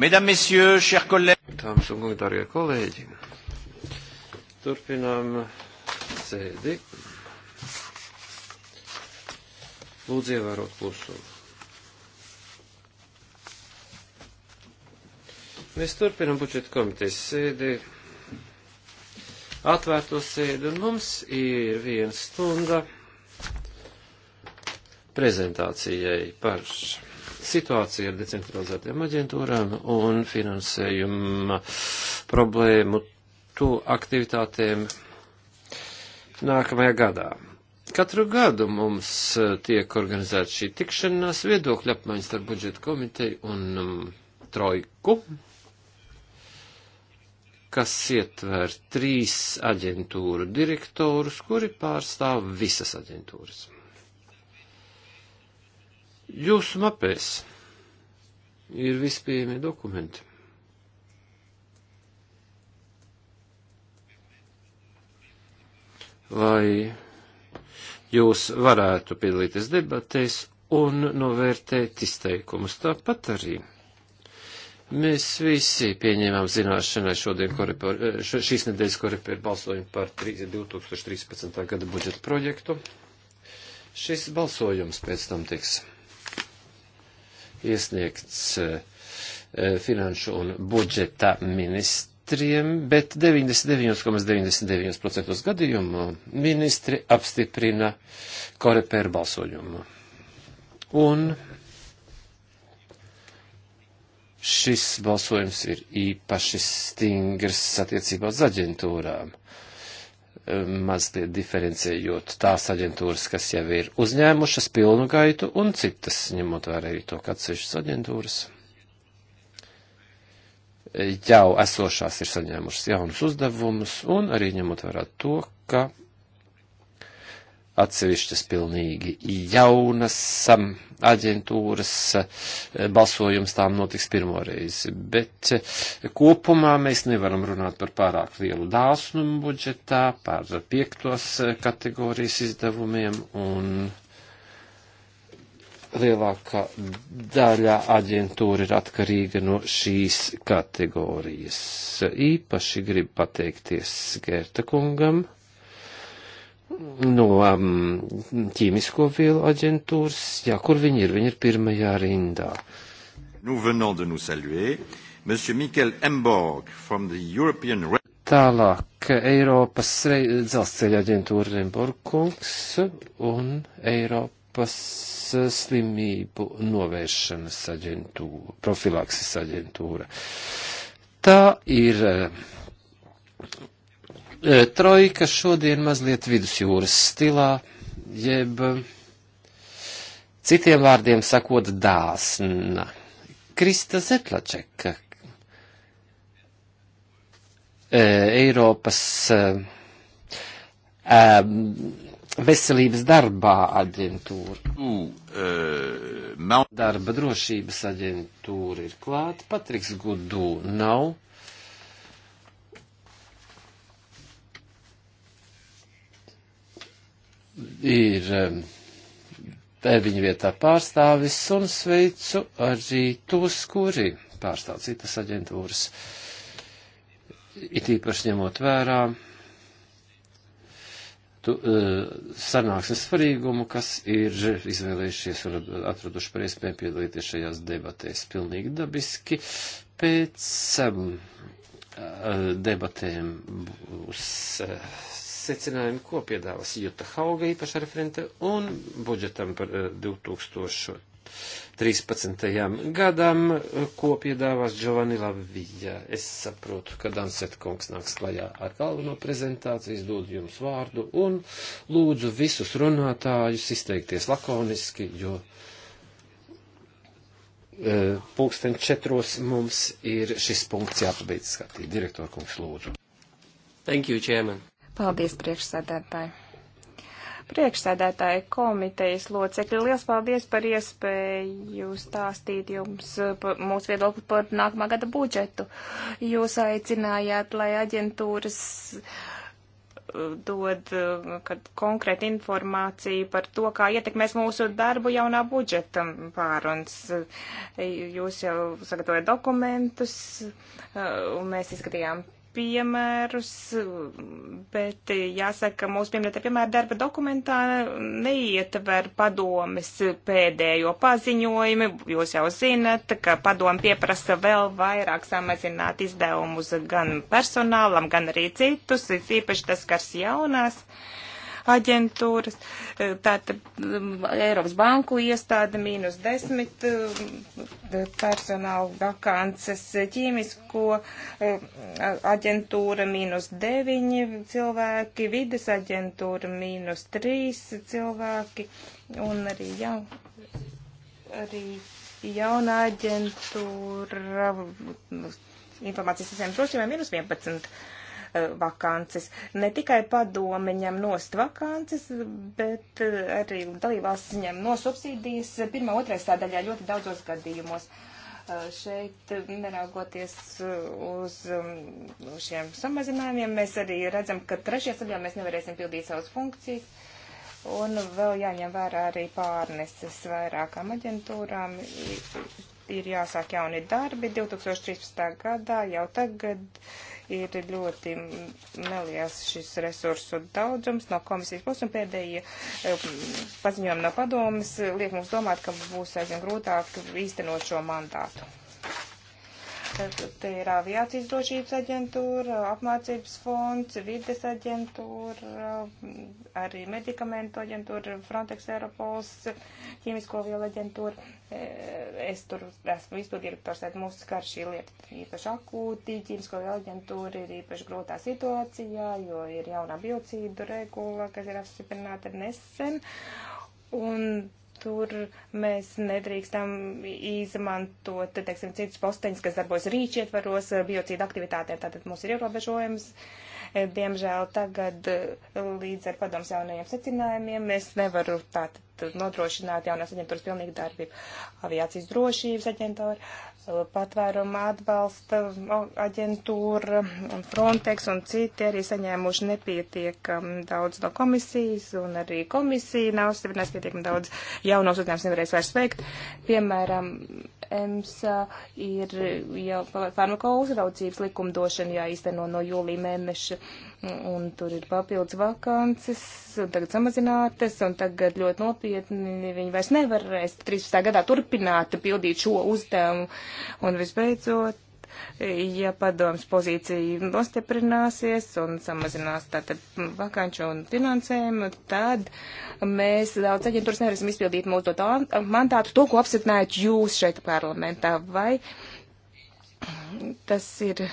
Mesdames, Messieurs, chers collègues. Dāmas un kungi, darbie kolēģi, turpinām sēdi. Lūdzu, ievērot klusumu. Mēs turpinām budžeta komitejas sēdi, atvērto sēdi, un mums ir viena stunda prezentācijai par šo situācija ar decentralizētiem aģentūrām un finansējuma problēmu tu aktivitātēm nākamajā gadā. Katru gadu mums e, tiek organizēta šī tikšanās viedokļa apmaiņas ar budžeta komiteju un um, trojku, kas ietver trīs aģentūru direktorus, kuri pārstāv visas aģentūras. Jūsu mapēs ir vispieejamie dokumenti. Lai jūs varētu piedalīties debatēs un novērtēt izteikumus. Tāpat arī mēs visi pieņēmām zināšanai šodien koripor, šīs nedēļas koripēru balsojumu par 2013. gada budžeta projektu. Šis balsojums pēc tam tiks iesniegts eh, eh, finanšu un budžeta ministriem, bet 99,99% ,99 gadījumu ministri apstiprina korepēru balsojumu. Un šis balsojums ir īpaši stingrs attiecībā uz aģentūrām. Uh, mazliet diferencējot tās aģentūras, kas jau ir uzņēmušas pilnu gaitu un citas, ņemot vērā arī to, ka atsevišķas aģentūras jau esošās ir saņēmušas jaunus uzdevumus un arī ņemot vērā to, ka atsevišķas pilnīgi jaunas um, aģentūras, eh, balsojums tām notiks pirmoreiz. Bet eh, kopumā mēs nevaram runāt par pārāk lielu dāsnumu budžetā, par piektos eh, kategorijas izdevumiem un lielākā daļa aģentūra ir atkarīga no šīs kategorijas. Īpaši gribu pateikties Gērta kungam no um, ķīmisko vielu aģentūras, jā, kur viņi ir, viņi ir pirmajā rindā. Saluer, Emborg, European... Tālāk Eiropas dzelzceļa aģentūra Remborkungs un Eiropas uh, slimību novēršanas aģentūra, profilakses aģentūra. Tā ir uh, E, trojka šodien mazliet vidusjūras stilā, jeb e, citiem vārdiem sakot dāsna. Krista Zetlačeka, e, Eiropas veselības darbā aģentūra. Darba drošības aģentūra ir klāta, Patriks Gudu nav. ir viņa vietā pārstāvis un sveicu arī tos, kuri pārstāv citas aģentūras, it īpaši ņemot vērā tu, e, sanāksmes svarīgumu, kas ir izvēlējušies un atraduši par iespēju piedalīties šajās debatēs. Pilnīgi dabiski pēc um, debatēm būs uh, secinājumi, ko piedāvās Juta Hauga īpaša referente un budžetam par 2013. Eh, gadam, eh, ko piedāvās Giovanni Lavija. Es saprotu, ka Danset kungs nāks klajā ar galveno prezentāciju, es dodu jums vārdu un lūdzu visus runātājus izteikties lakoniski, jo eh, pulksten četros mums ir šis punkts jāpabeidz skatīt. Direktor kungs, lūdzu. Thank you, Chairman. Paldies, priekšsēdētāji! Priekšsēdētāji komitejas locekļi, liels paldies par iespēju stāstīt jums mūsu viedokli par nākamā gada budžetu. Jūs aicinājāt, lai aģentūras uh, dod uh, kad, konkrēti informāciju par to, kā ietekmēs mūsu darbu jaunā budžeta pāruns. Jūs jau sagatavojat dokumentus, uh, un mēs izskatījām piemērus, bet jāsaka, mūsu pieminētie piemēri darba dokumentā neietver padomes pēdējo paziņojumu. Jūs jau zinat, ka padome pieprasa vēl vairāk samazināt izdevumus gan personālam, gan arī citus, īpaši tas, kas jaunās. Uh, aģentūras, e, tātad Eiropas banku iestāde mīnus desmit e, personāla vakances, e, ķīmisko aģentūra mīnus deviņi cilvēki, vides aģentūra mīnus trīs cilvēki un arī, ja, arī jaunā aģentūra informācijas sistēmas drošībai mīnus 11 Eh, vakances. Ne tikai padome ņem nost vakances, bet eh, arī dalībvalsts ņem no subsīdijas pirmā, otrais sādaļā ļoti daudzos gadījumos. Eh, šeit, neraugoties um, uz šiem samazinājumiem, mēs arī redzam, ka trešajā sadaļā mēs nevarēsim pildīt savas funkcijas. Un vēl jāņem vērā arī pārneses vairākām aģentūrām ir jāsāk jauni darbi 2013. gadā, jau tagad ir ļoti neliels šis resursu daudzums no komisijas puses, un pēdējie eh, paziņojumi no padomas liek mums domāt, ka būs aizvien grūtāk īstenot šo mandātu. Te ir aviācijas drošības aģentūra, apmācības fonds, vides aģentūra, arī medikamentu aģentūra, Frontex Eiropols, ķīmisko vielu aģentūra. E, es tur esmu izpildirektors, tad mūsu skar šī lieta īpaši akūti. Ķīmisko vielu aģentūra ir īpaši grūtā situācijā, jo ir jaunā biocīdu regula, kas ir apstiprināta nesen. Un tur mēs nedrīkstam izmantot, teiksim, citus posteņus, kas darbojas rīčietvaros, biocīdu aktivitātēm, tātad mums ir ierobežojums. Diemžēl tagad eh, līdz ar padoms jaunajiem secinājumiem es nevaru tātad nodrošināt jaunās aģentūras pilnīgu darbību. Aviācijas drošības aģentūra, eh, patvēruma atbalsta eh, aģentūra un Frontex un citi arī saņēmuši nepietiekam daudz no komisijas un arī komisija nav stiprinājusi pietiekam daudz jaunos uzņēmums nevarēs vairs veikt. Piemēram, EMSA ir jau farmako uzraudzības likumdošana jāizteno no jūlija mēneša, un tur ir papildus vakances, un tagad samazinātas, un tagad ļoti nopietni viņi vairs nevarēs 13. gadā turpināt pildīt šo uzdevumu, un visbeidzot ja padomas pozīcija nostiprināsies un samazinās tātad vakanču un finansējumu, tad mēs daudz aģentūras nevarēsim izpildīt mūsu dotā mandātu, to, ko apstiprinājāt jūs šeit parlamentā. Vai tas ir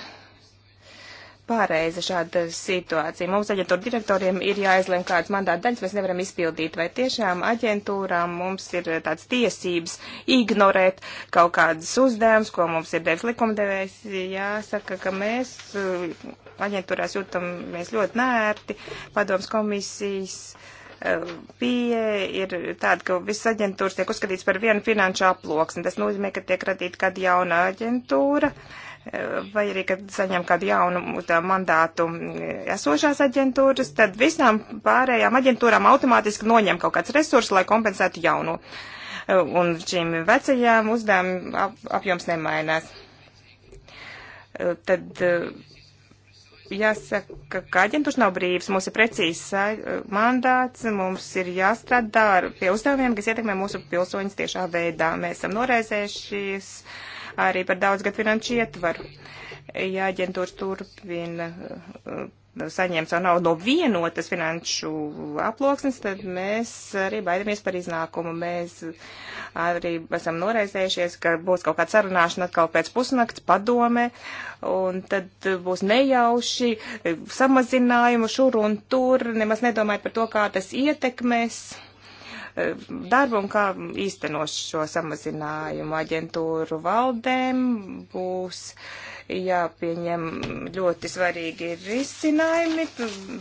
pareiza šāda situācija. Mums aģentūra direktoriem ir jāizlem kādas mandāta daļas, mēs nevaram izpildīt, vai tiešām aģentūrām mums ir eh, tāds tiesības ignorēt kaut kādas uzdevumus, ko mums ir devis likumdevējs. Jāsaka, ka mēs eh, aģentūrās jūtamies ļoti nērti, padoms komisijas eh, pieeja ir tāda, ka visas aģentūras tiek uzskatīts par vienu finanšu aploksni. Tas nozīmē, ka tiek radīta kāda jauna aģentūra, vai arī, kad saņem kādu jaunu mandātu mm, esošās aģentūras, tad visām pārējām aģentūrām automātiski noņem kaut kāds resurss, lai kompensētu jauno. Un šīm vecajām uzdevumiem ap, apjoms nemainās. Tad eh, jāsaka, ka aģentūrs nav brīvs, mums ir precīzs eh, mandāts, mums ir jāstrādā pie uzdevumiem, kas ietekmē mūsu pilsoņus tiešā veidā. Mēs esam noraizējušies. Uh, arī par daudzgad finanšu ietvaru. Ja aģentūras turpina uh, uh, saņemt savu naudu no vienotas finanšu aploksnes, tad mēs arī baidamies par iznākumu. Mēs arī esam noraizējušies, ka būs kaut kāda sarunāšana atkal pēc pusnakts padome, un tad būs nejauši samazinājumu šur un tur, nemaz nedomājot par to, kā tas ietekmēs darbu un kā īstenos šo samazinājumu aģentūru valdēm būs jāpieņem ļoti svarīgi risinājumi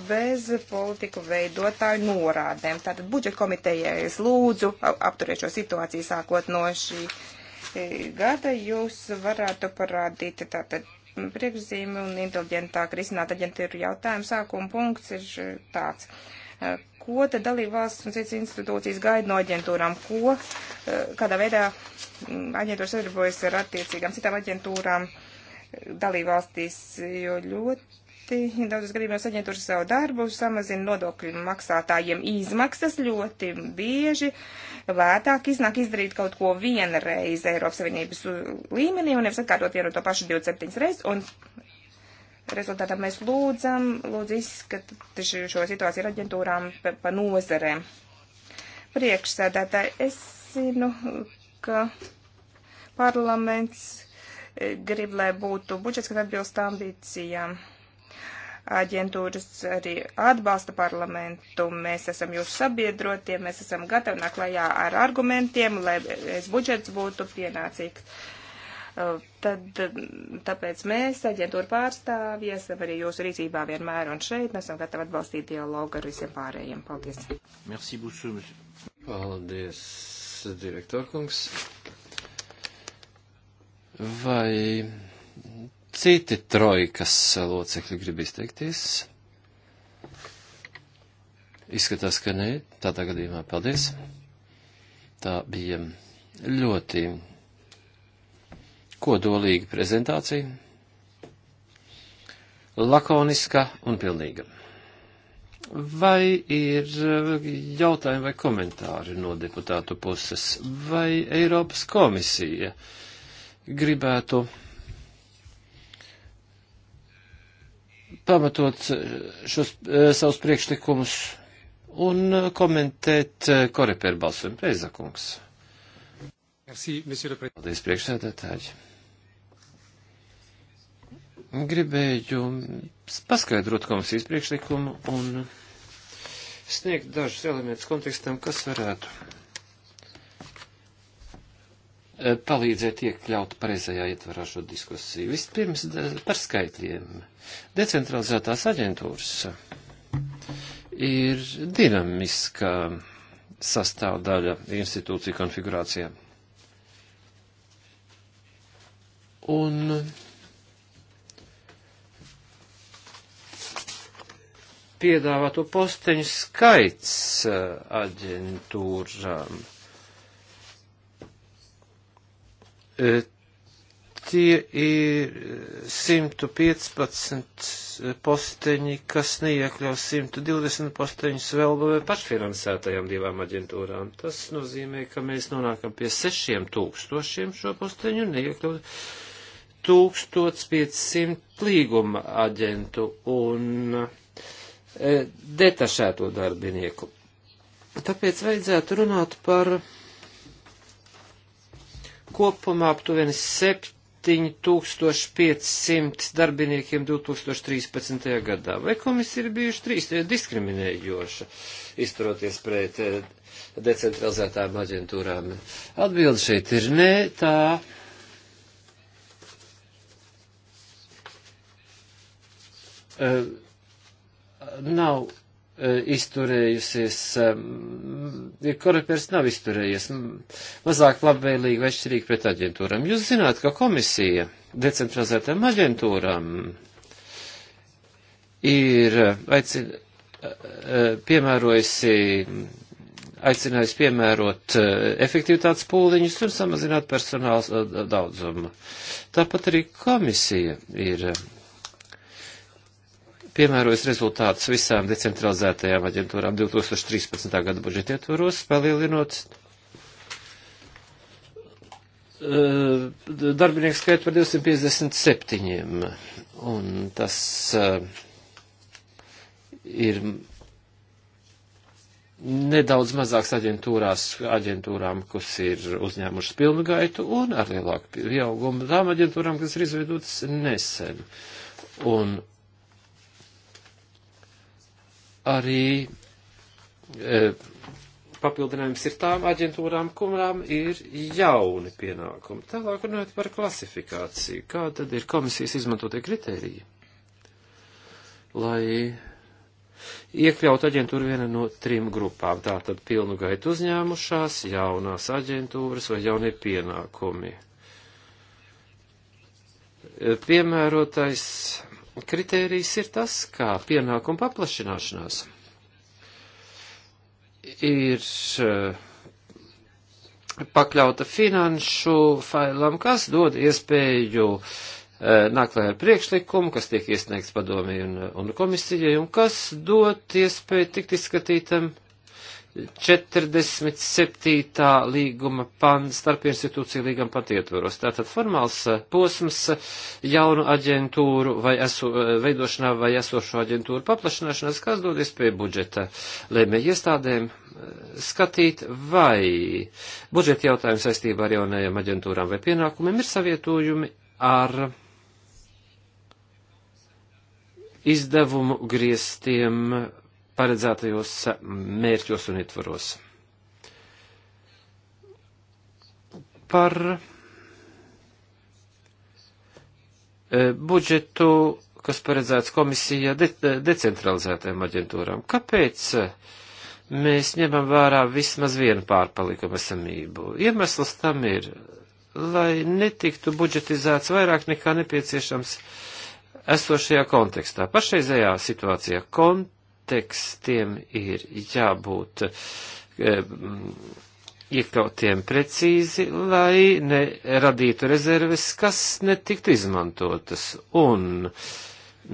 bez politiku veidotāju norādēm. Tātad budžeta komitejai es lūdzu apturēt šo situāciju sākot no šī e, gada jūs varētu parādīt tātad priekšzīmi un inteliģentāk risināt aģentūru jautājumu. Sākuma punkts ir tāds ko tad dalībvalsts un citas institūcijas gaida no aģentūrām, ko, eh, kādā veidā mm, aģentūra sadarbojas ar attiecīgām citām aģentūrām eh, dalībvalstīs, jo ļoti ļoti daudzas gadījumos aģentūras savu darbu samazina nodokļu maksātājiem izmaksas ļoti bieži. Lētāk iznāk izdarīt kaut ko vienreiz Eiropas Savienības uh, līmenī un nevis atkārtot vienu to pašu 27 reizes. Un Rezultātā mēs lūdzam, lūdzu izskatīt šo situāciju ar aģentūrām pa, pa nozarēm. Priekšsēdētāji, es zinu, ka parlaments eh, grib, lai būtu budžets, kas atbilst ambīcijām. Aģentūras arī atbalsta parlamentu. Mēs esam jūsu sabiedrotie, mēs esam gatavi nāklājā ar argumentiem, lai budžets būtu pienācīgs Uh, tad, uh, tāpēc mēs, aģentūra pārstāvji, esam arī jūsu rīcībā vienmēr un šeit. Mēs esam gatavi atbalstīt dialogu ar visiem pārējiem. Paldies. Merci beaucoup. Paldies, direktorkungs. Vai citi trojkas locekļi grib izteikties? Izskatās, ka nē. Tādā gadījumā paldies. Tā bija ļoti kodolīga prezentācija, lakoniska un pilnīga. Vai ir eh, jautājumi vai komentāri no deputātu puses, vai Eiropas komisija gribētu pamatot eh, šos eh, savus priekšlikumus un komentēt koreperu balsojumu? Preizakungs. Merci, Paldies, priekšsēdētāji. Gribēju paskaidrot komisijas priekšlikumu un sniegt dažus elementus kontekstam, kas varētu e, palīdzēt iekļaut pareizajā ietvarā šo diskusiju. Vispirms e, par skaitļiem. Decentralizētās aģentūras ir dinamiska sastāvdaļa institūciju konfigurācijām. Un piedāvāto posteņu skaits eh, aģentūrām. Eh, tie ir 115 posteņi, kas neiekļaus 120 posteņus vēl vai pašfinansētajām divām aģentūrām. Tas nozīmē, ka mēs nonākam pie 6000 šo posteņu un neiekļaus 1500 līguma aģentu un e, detašēto darbinieku. Tāpēc vajadzētu runāt par kopumā aptuveni 7500 darbiniekiem 2013. gadā. Vai komisija ir bijuši trīs e, diskriminējoša izturoties pret e, decentralizētām aģentūrām? Atbildi šeit ir nē, tā Eh, nav eh, izturējusies, eh, korepers nav izturējies mazāk labvēlīgi vai šķirīgi pret aģentūram. Jūs zināt, ka komisija decentralizētām aģentūram ir aicina, piemērojusi, aicinājusi piemērot efektivitātes pūliņus un samazināt personāla daudzumu. Tāpat arī komisija ir piemērojas rezultātus visām decentralizētajām aģentūrām 2013. gada budžeta ietvaros, palielinot eh, darbinieku skaitu par 257. Un tas eh, ir nedaudz mazāks aģentūrās, aģentūrām, kas ir uzņēmušas pilnu gaitu, un ar lielāku pieaugumu tām aģentūrām, kas ir izveidotas nesen. Un arī e, papildinājums ir tām aģentūrām, kurām ir jauni pienākumi. Tālāk runājot par klasifikāciju, kā tad ir komisijas izmantotie kritēriji, lai iekļaut aģentūru viena no trim grupām, tātad pilnu gaitu uzņēmušās, jaunās aģentūras vai jaunie pienākumi. E, piemērotais kritērijs ir tas, kā pienākuma paplašināšanās ir eh, pakļauta finanšu failam, kas dod iespēju eh, nāklē ar priekšlikumu, kas tiek iesniegts padomī un, eh, un komisijai, un kas dod iespēju tikt izskatītam 47. līguma pants starp institūciju līguma pat ietvaros. Tātad formāls eh, posms eh, jaunu aģentūru vai eso, eh, veidošanā vai esošo aģentūru paplašanāšanās, kas dodies pie budžeta lēmēju iestādēm, skatīt, vai budžeta jautājumi saistībā ar jaunajām aģentūrām vai pienākumiem ir savietojumi ar izdevumu griestiem paredzētajos mērķos un ietvaros. Par e, budžetu, kas paredzēts komisijā de e, decentralizētajām aģentūrām. Kāpēc e, mēs ņemam vērā vismaz vienu pārpalikumu esamību? Iemesls tam ir, lai netiktu budžetizēts vairāk nekā nepieciešams esošajā kontekstā. Pašreizējā situācijā kont tekstiem ir jābūt eh, iekautiem precīzi, lai neradītu rezerves, kas netiktu izmantotas. Un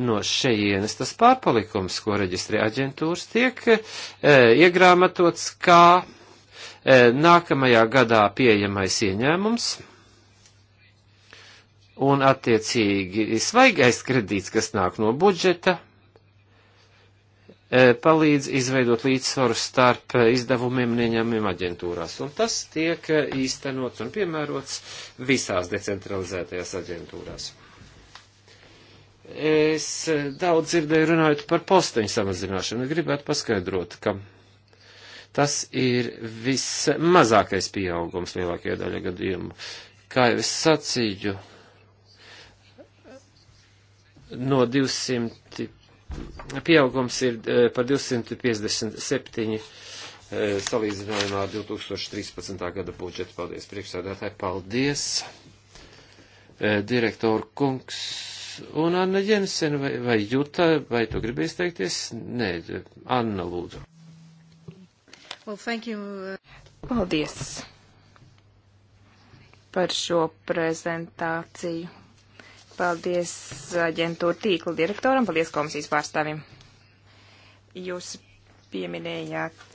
no šejienes tas pārpalikums, ko reģistrē aģentūras, tiek e, iegrāmatots kā e, nākamajā gadā pieejamais ieņēmums. Un attiecīgi svaigais kredīts, kas nāk no budžeta, E, palīdz izveidot līdzsvaru starp izdevumiem un ieņēmumiem aģentūrās. Un tas tiek īstenots un piemērots visās decentralizētajās aģentūrās. Es daudz dzirdēju runājot par posteņu samazināšanu. Gribētu paskaidrot, ka tas ir vismazākais pieaugums lielākajā daļa gadījumu. Kā jau es sacīju, no 200 pieaugums ir eh, par 257 eh, salīdzinājumā ar 2013. gada budžetu. Paldies, priekšsēdētāji, paldies, eh, direktoru kungs. Un Anna Jensen, vai, vai Juta, vai tu gribi izteikties? Nē, Anna lūdzu. Well, thank you. Uh, paldies par šo prezentāciju. Paldies aģentūra tīkla direktoram, paldies komisijas pārstāvim. Jūs pieminējāt,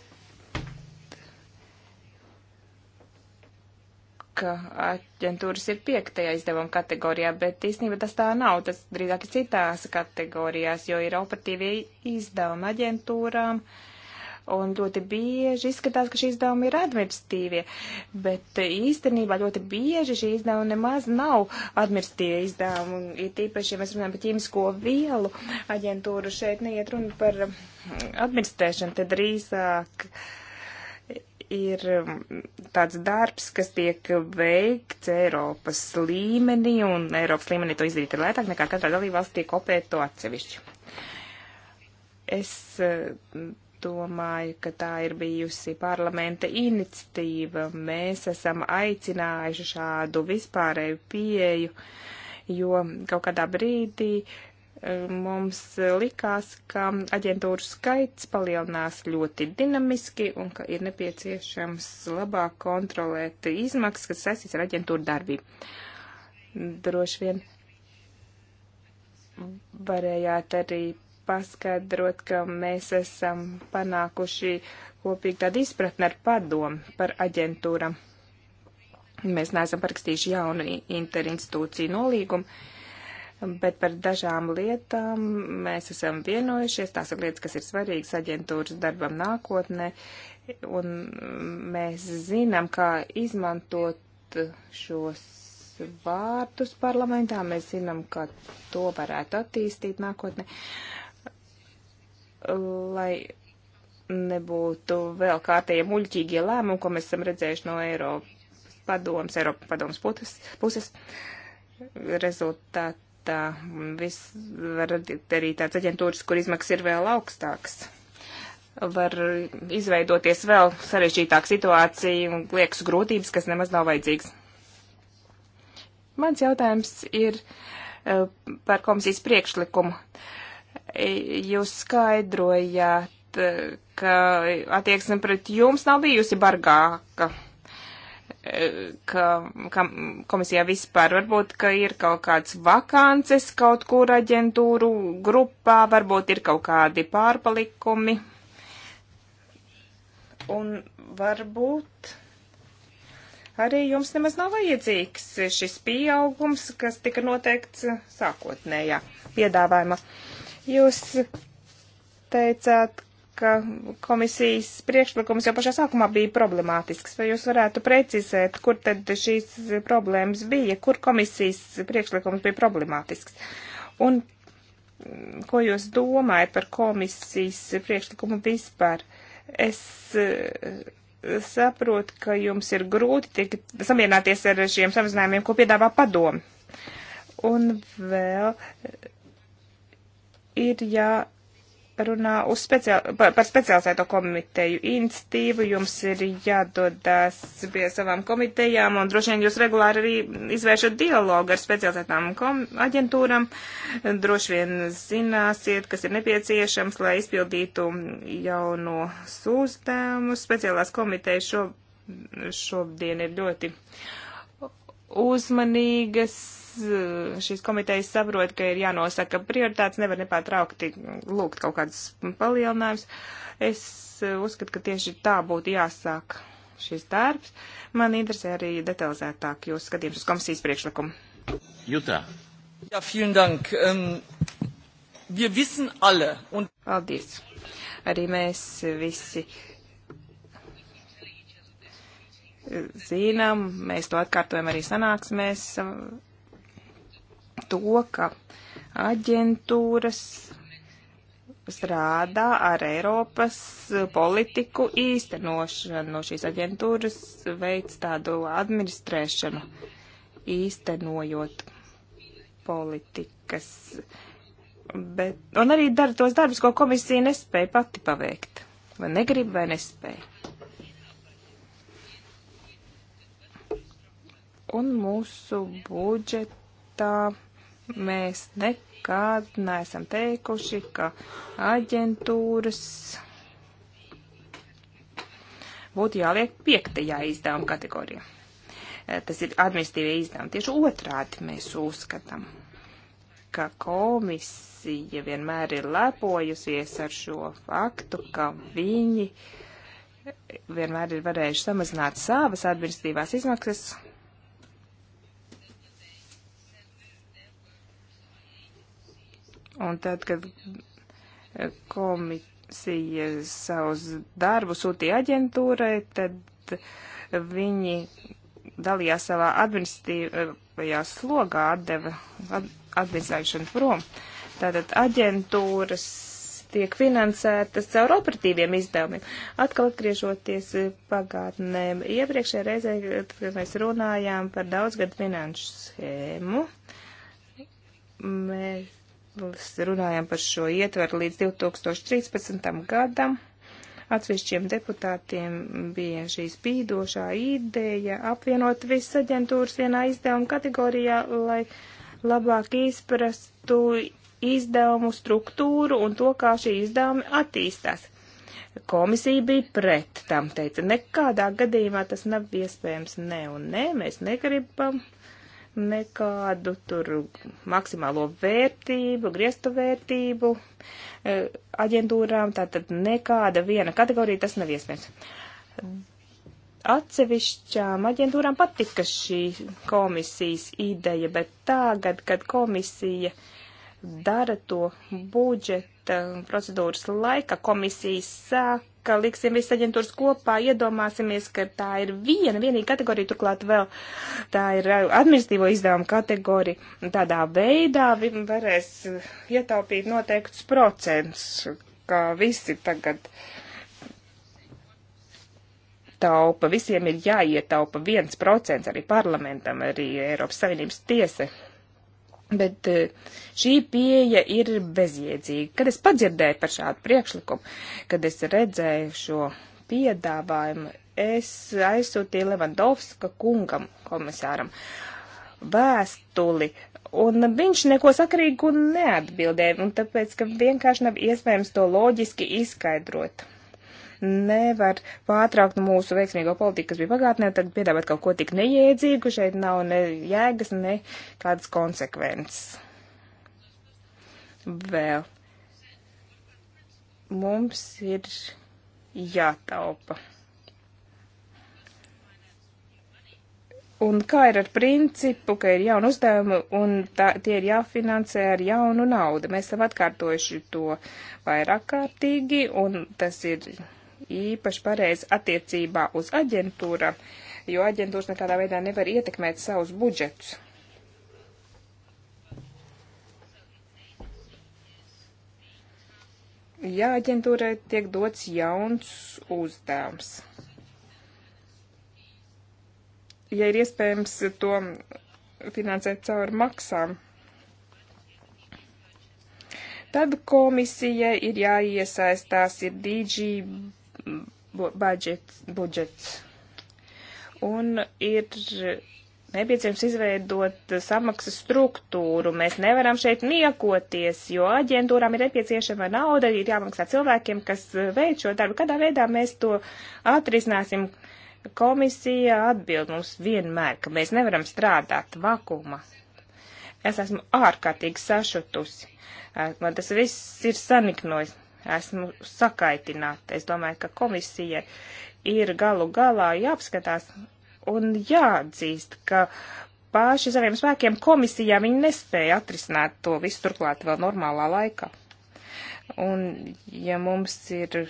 ka aģentūras ir piektajā izdevuma kategorijā, bet īstenībā tas tā nav, tas drīzāk ir citās kategorijās, jo ir operatīvie izdevuma aģentūrām. Uh, un ļoti bieži izskatās, ka šī izdevuma ir administratīvie, bet īstenībā ļoti bieži šī izdevuma nemaz nav administratīvie izdevumi. Ir tīpaši, ja mēs runājam par ķīmisko vielu aģentūru, šeit neiet runa par administrēšanu, tad drīzāk ir tāds darbs, kas tiek veikts Eiropas līmenī, un Eiropas līmenī to izdarīt ir lētāk nekā katrā dalībvalstī kopēt to atsevišķi. Es domāju, ka tā ir bijusi parlamenta iniciatīva. Mēs esam aicinājuši šādu vispārēju pieeju, jo kaut kādā brīdī e, mums likās, ka aģentūru skaits palielinās ļoti dinamiski un ka ir nepieciešams labāk kontrolēt izmaksas, kas saistīts ar aģentūru darbību. Droši vien varējāt arī paskaidrot, ka mēs esam panākuši kopīgi tādu izpratni ar padomu par aģentūram. Mēs neesam parakstījuši jaunu interinstitūciju nolīgumu, bet par dažām lietām mēs esam vienojušies. Tās ir lietas, kas ir svarīgas aģentūras darbam nākotnē, un mēs zinām, kā izmantot šos vārdus parlamentā, mēs zinām, ka to varētu attīstīt nākotnē lai nebūtu vēl kārtēji muļķīgie lēmumi, ko mēs esam redzējuši no Eiropas padomas, Eiropas padomas puses. puses. Rezultātā viss var arī tāds aģentūras, kur izmaksas ir vēl augstāks. Var izveidoties vēl sarežģītāka situācija un liekas grūtības, kas nemaz nav vajadzīgas. Mans jautājums ir eh, par komisijas priekšlikumu. Uh, Jūs skaidrojāt, ka attieksme pret jums nav bijusi bargāka, ka, ka komisijā vispār varbūt, ka ir kaut kāds vakances kaut kur aģentūru grupā, varbūt ir kaut kādi pārpalikumi. Un varbūt arī jums nemaz nav vajadzīgs šis pieaugums, kas tika noteikts sākotnējā piedāvājuma. Uh, Jūs teicāt, ka komisijas priekšlikums jau pašā sākumā bija problemātisks. Vai jūs varētu precizēt, kur tad šīs problēmas bija, kur komisijas priekšlikums bija problemātisks? Un mm, ko jūs domājat par komisijas priekšlikumu vispār? Es eh, saprotu, ka jums ir grūti tikt samierināties ar šiem samazinājumiem, ko piedāvā padomu. Un vēl eh, ir jārunā uz speciāli, par, par specializēto komiteju institīvu. Jums ir jādodas pie savām komitejām, un droši vien jūs regulāri arī izvēršat dialogu ar specializētām aģentūram. Droši vien zināsiet, kas ir nepieciešams, lai izpildītu jaunos uzdevumus. Speciālās komitejas šo, šobrīd ir ļoti uzmanīgas Eh, šīs komitejas saprot, ka ir jānosaka prioritātes, nevar nepārtraukti lūgt kaut kādas palielinājumus. Es eh, uzskatu, ka tieši tā būtu jāsāk šis darbs. Man interesē arī detalizētāk jūs skatījums uz komisijas priekšlikumu. Jutā. Jā, ja, vielen dank. Um, wir wissen alle. Un... Paldies. Arī mēs visi zinām, mēs to atkārtojam arī sanāksmēs to, ka aģentūras strādā ar Eiropas politiku īstenošanu. Šīs aģentūras veids tādu administrēšanu, īstenojot politikas. Bet, un arī dara tos darbus, ko komisija nespēja pati paveikt. Vai negrib, vai nespēja. Un mūsu budžetā Mēs nekad neesam teikuši, ka aģentūras būtu jāliek piektajā izdevuma kategorijā. Eh, tas ir administratīvie izdevumi. Tieši otrādi mēs uzskatām, ka komisija vienmēr ir lepojusies ar šo faktu, ka viņi vienmēr ir varējuši samazināt savas administratīvās izmaksas Un tad, kad e, komisija savus darbus sūtīja aģentūrai, tad viņi dalījās savā administratīvajā slogā, atdeva administrēšanu prom. Tātad aģentūras tiek finansētas caur operatīviem izdevumiem. Atkal atgriežoties pagātnē, iepriekšējā reizē, kad mēs runājām par daudzgadu finanšu schēmu, mēs Mēs runājam par šo ietveru līdz 2013. gadam. Atsevišķiem deputātiem bija šī spīdošā ideja apvienot visas aģentūras vienā izdevuma kategorijā, lai labāk izprastu izdevumu struktūru un to, kā šī izdevumi attīstās. Komisija bija pret tam, teica, nekādā gadījumā tas nav iespējams, ne un nē, mēs negribam nekādu tur maksimālo vērtību, griestu vērtību e, aģentūrām, tātad nekāda viena kategorija tas nav iespējams. Atsevišķām aģentūrām patika šī komisijas ideja, bet tagad, kad komisija dara to budžeta procedūras laika, komisija sāk ka liksim visas aģentūras kopā, iedomāsimies, ka tā ir viena, vienīga kategorija, turklāt vēl tā ir administratīvo izdevumu kategorija. Tādā veidā varēs ietaupīt noteikts procents, ka visi tagad taupa, visiem ir jāietaupa viens procents arī parlamentam, arī Eiropas Savienības tiesa Bet e, šī pieeja ir bezjēdzīga. Kad es padzirdēju par šādu priekšlikumu, kad es redzēju šo piedāvājumu, es aizsūtīju Levandovska kungam, komisāram, vēstuli, un viņš neko sakarīgu neatbildēja, un tāpēc, ka vienkārši nav iespējams to loģiski izskaidrot nevar pārtraukt mūsu veiksmīgo politiku, kas bija pagātnē, tad piedāvāt kaut ko tik neiedzīgu, šeit nav ne jēgas, ne kādas konsekvences. Vēl. Mums ir jātaupa. Un kā ir ar principu, ka ir jauna uzdevuma un tā, tie ir jāfinansē ar jaunu naudu? Mēs esam atkārtojuši to vairāk kārtīgi, un tas ir īpaši pareizi attiecībā uz aģentūram, jo aģentūras nekādā veidā nevar ietekmēt savus budžetus. Ja aģentūrai tiek dots jauns uzdevums, ja ir iespējams to finansēt caur maksām, tad komisija ir jāiesaistās, ir DG budžets, budžets. Un ir nepieciešams izveidot samaksas struktūru. Mēs nevaram šeit niekoties, jo aģentūrām ir nepieciešama nauda, ir jāmaksā cilvēkiem, kas veic šo darbu. Kādā veidā mēs to atrisināsim? Komisija atbild mums vienmēr, ka mēs nevaram strādāt vakuma. Es esmu ārkārtīgi sašutusi. Man tas viss ir saniknojis esmu sakaitināta. Es domāju, ka komisija ir galu galā jāapskatās un jāatzīst, ka paši saviem spēkiem komisijā viņi nespēja atrisināt to visu turklāt vēl normālā laikā. Un ja mums ir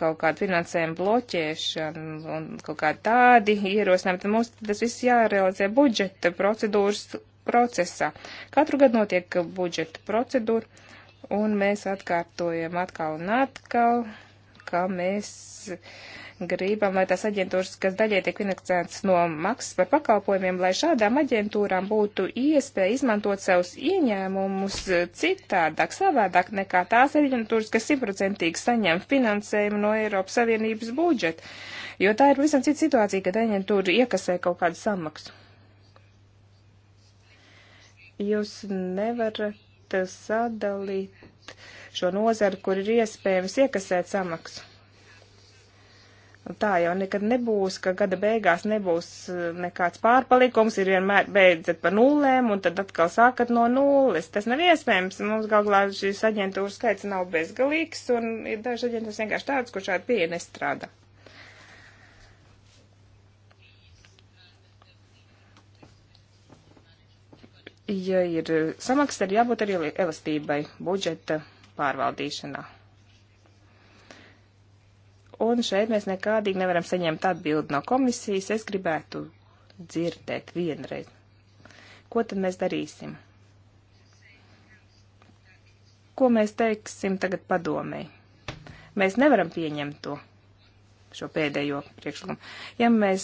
kaut kāda finansējuma bloķēšana un kaut kādi tādi ierosinājumi, tad mums tas viss jārealizē budžeta procedūras procesā. Katru gadu notiek budžeta procedūra, Un mēs atkārtojam atkal un atkal, ka mēs gribam, lai tās aģentūras, kas daļai tiek finansētas no maksas par pakalpojumiem, lai šādām aģentūrām būtu iespēja izmantot savus ieņēmumus citādāk, savādāk nekā tās aģentūras, kas simtprocentīgi saņem finansējumu no Eiropas Savienības budžeta. Jo tā ir visam cita situācija, kad aģentūra iekasē kaut kādu samaksu. Jūs nevarat Eh, sadalīt šo nozaru, kur ir iespējams iekasēt samaksu. Un tā jau nekad nebūs, ka gada beigās nebūs eh, nekāds pārpalikums, ir vienmēr beidzat pa nulēm un tad atkal sākat no nulles. Tas nav iespējams. Mums galvā šīs aģentūras skaits nav bezgalīgs un ir daži aģentūras vienkārši tāds, kur šādi pieeja nestrādā. ja ir samaksa, tad jābūt arī elastībai budžeta pārvaldīšanā. Un šeit mēs nekādīgi nevaram saņemt atbildi no komisijas. Es gribētu dzirdēt vienreiz. Ko tad mēs darīsim? Ko mēs teiksim tagad padomēji? Mēs nevaram pieņemt to šo pēdējo priekšlikumu. Ja mēs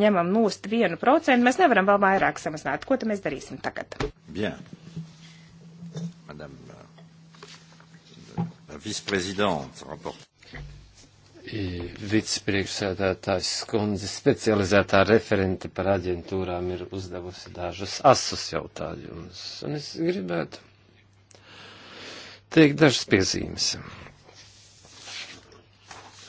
ņemam nost vienu procentu, mēs nevaram vēl vairāk samazināt. Ko tad mēs darīsim tagad? Bien. Madame la vice-présidente, rapporte. Vicepriekšsēdētājs skundze specializētā referente par aģentūrām ir uzdevusi dažas asus jautājumus, un es gribētu teikt dažas piezīmes.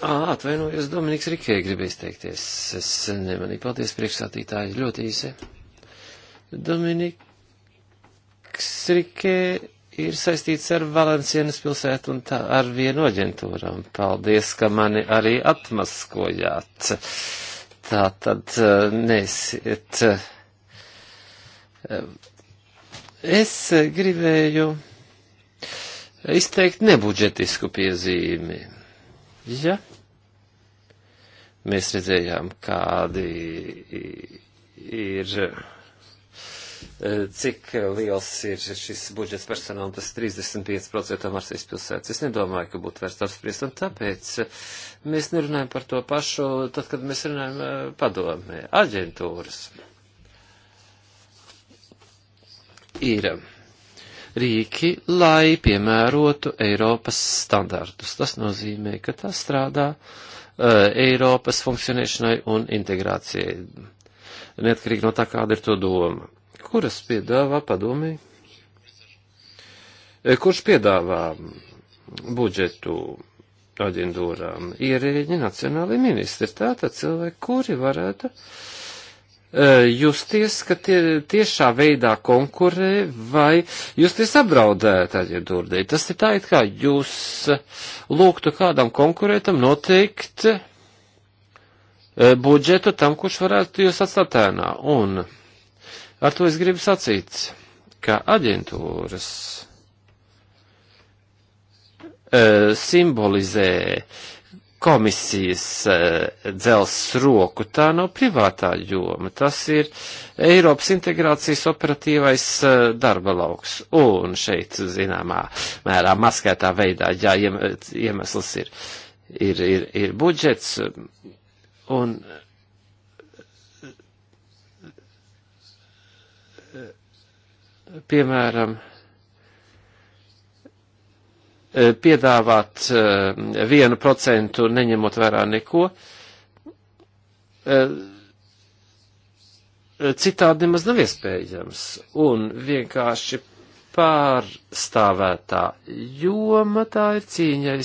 Ā, atvainojos, Dominiks Rikē grib izteikties. Es nemanīju, paldies priekšsātītāji, ļoti īsi. Dominiks Rikē ir saistīts ar Valencienas pilsētu un tā ar vienu aģentūram. Paldies, ka mani arī atmaskojāt. Tā tad nesiet. Es gribēju izteikt nebudžetisku piezīmi ja mēs redzējām, kādi ir, cik liels ir šis budžets personām, tas 35% Marsijas pilsētas. Es nedomāju, ka būtu vairs apspriest, un tāpēc mēs nerunājam par to pašu, tad, kad mēs runājam eh, padomē, aģentūras. Ir rīki, lai piemērotu Eiropas standartus. Tas nozīmē, ka tā strādā uh, Eiropas funkcionēšanai un integrācijai, neatkarīgi no tā, kāda ir to doma. Kuras piedāvā padomē? Eh, kurš piedāvā budžetu aģentūrām? Ierēģi, nacionāli ministri, tātad cilvēki, kuri varētu uh, justies, ka tie tiešā veidā konkurē vai justies apdraudētāji ja durdēji. Tas ir tā, it kā jūs lūgtu kādam konkurētam noteikt budžetu tam, kurš varētu jūs atstāt ēnā. Un ar to es gribu sacīt, ka aģentūras simbolizē komisijas eh, dzels roku, tā nav privātā joma, tas ir Eiropas integrācijas operatīvais eh, darba lauks. Un šeit, zināmā mērā, maskētā veidā, jā, iemesls ir, ir, ir, ir budžets. Un eh, piemēram, Eh, piedāvāt eh, vienu procentu, neņemot vērā neko. Eh, citādi nemaz nav iespējams. Un vienkārši pārstāvētā joma tā ir cīņa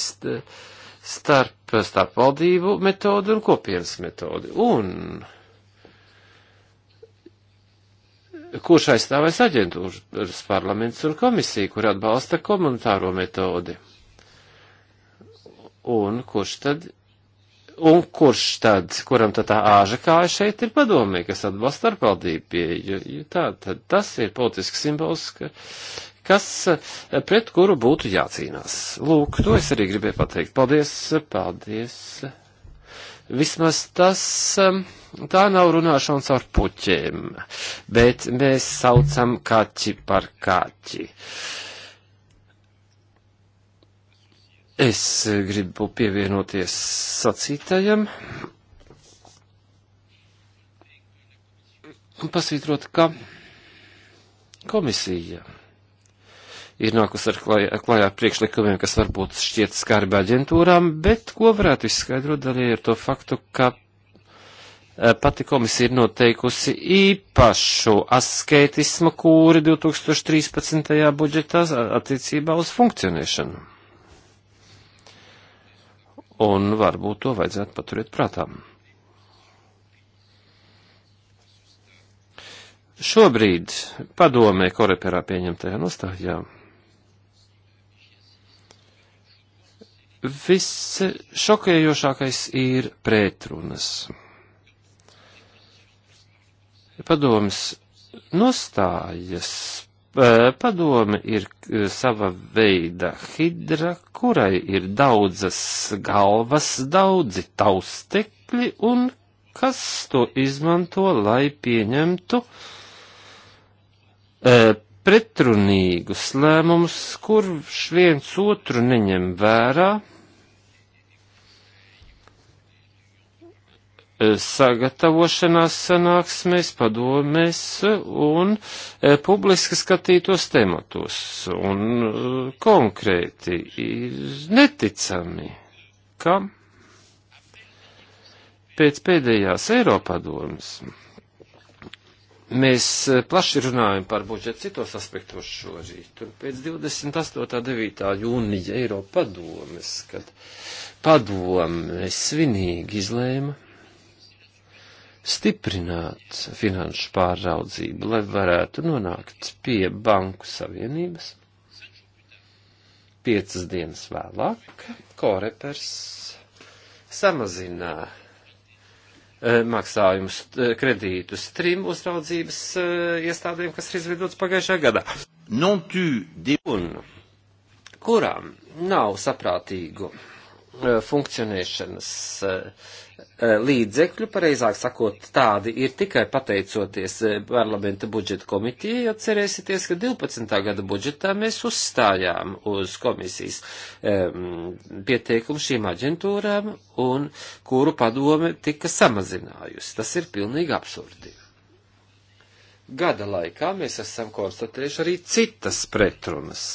starp, starp valdību metodu un kopienas metodu. Un kurš aizstāvēs aģentūras parlaments un komisiju, kur atbalsta komunitāro metodi. Un kurš tad, un kurš tad, kuram tad tā āža kāja šeit ir padomē, kas atbalsta starpvaldību pieeju. Tā, tad tas ir politisks simbols, ka, kas pret kuru būtu jācīnās. Lūk, to es arī gribēju pateikt. Paldies, paldies. Vismaz tas, um, tā nav runāšana caur puķiem, bet mēs saucam kaķi par kaķi. Es gribu pievienoties sacītajam un pasvītrot, ka komisija ir nākus ar klajā, klajā priekšlikumiem, kas varbūt šķiet skarbi aģentūrām, bet ko varētu izskaidrot daļai ar to faktu, ka eh, pati komisija ir noteikusi īpašu asketismu kūri 2013. budžetā attiecībā uz funkcionēšanu. Un varbūt to vajadzētu paturēt prātā. Šobrīd padomē koreperā pieņemtajā nostājā Viss šokējošākais ir pretrunas. Padomas nostājas. Eh, padome ir eh, sava veida hidra, kurai ir daudzas galvas, daudzi taustekļi un kas to izmanto, lai pieņemtu eh, pretrunīgus lēmumus, kurš viens otru neņem vērā, Eh, sagatavošanās sanāksmēs, padomēs un eh, publiski skatītos tematos un eh, konkrēti ir neticami, ka pēc pēdējās Eiropadomas mēs plaši runājam par budžetu citos aspektos šorīt, un pēc 28.9. jūnija Eiropadomes, kad padome svinīgi izlēma stiprināt finanšu pārraudzību, lai varētu nonākt pie Banku Savienības. Piecas dienas vēlāk Korepers samazināja e, maksājumus e, kredītus trim uzraudzības e, iestādēm, kas ir izveidots pagājušā gadā. Un kurām nav saprātīgu E, funkcionēšanas e, e, līdzekļu, pareizāk sakot, tādi ir tikai pateicoties parlamenta budžeta komitijai, atcerēsieties, ka 12. gada budžetā mēs uzstājām uz komisijas um, pieteikumu šīm aģentūrām, un kuru padome tika samazinājusi. Tas ir pilnīgi absurdi. Gada laikā mēs esam konstatējuši arī citas pretrunas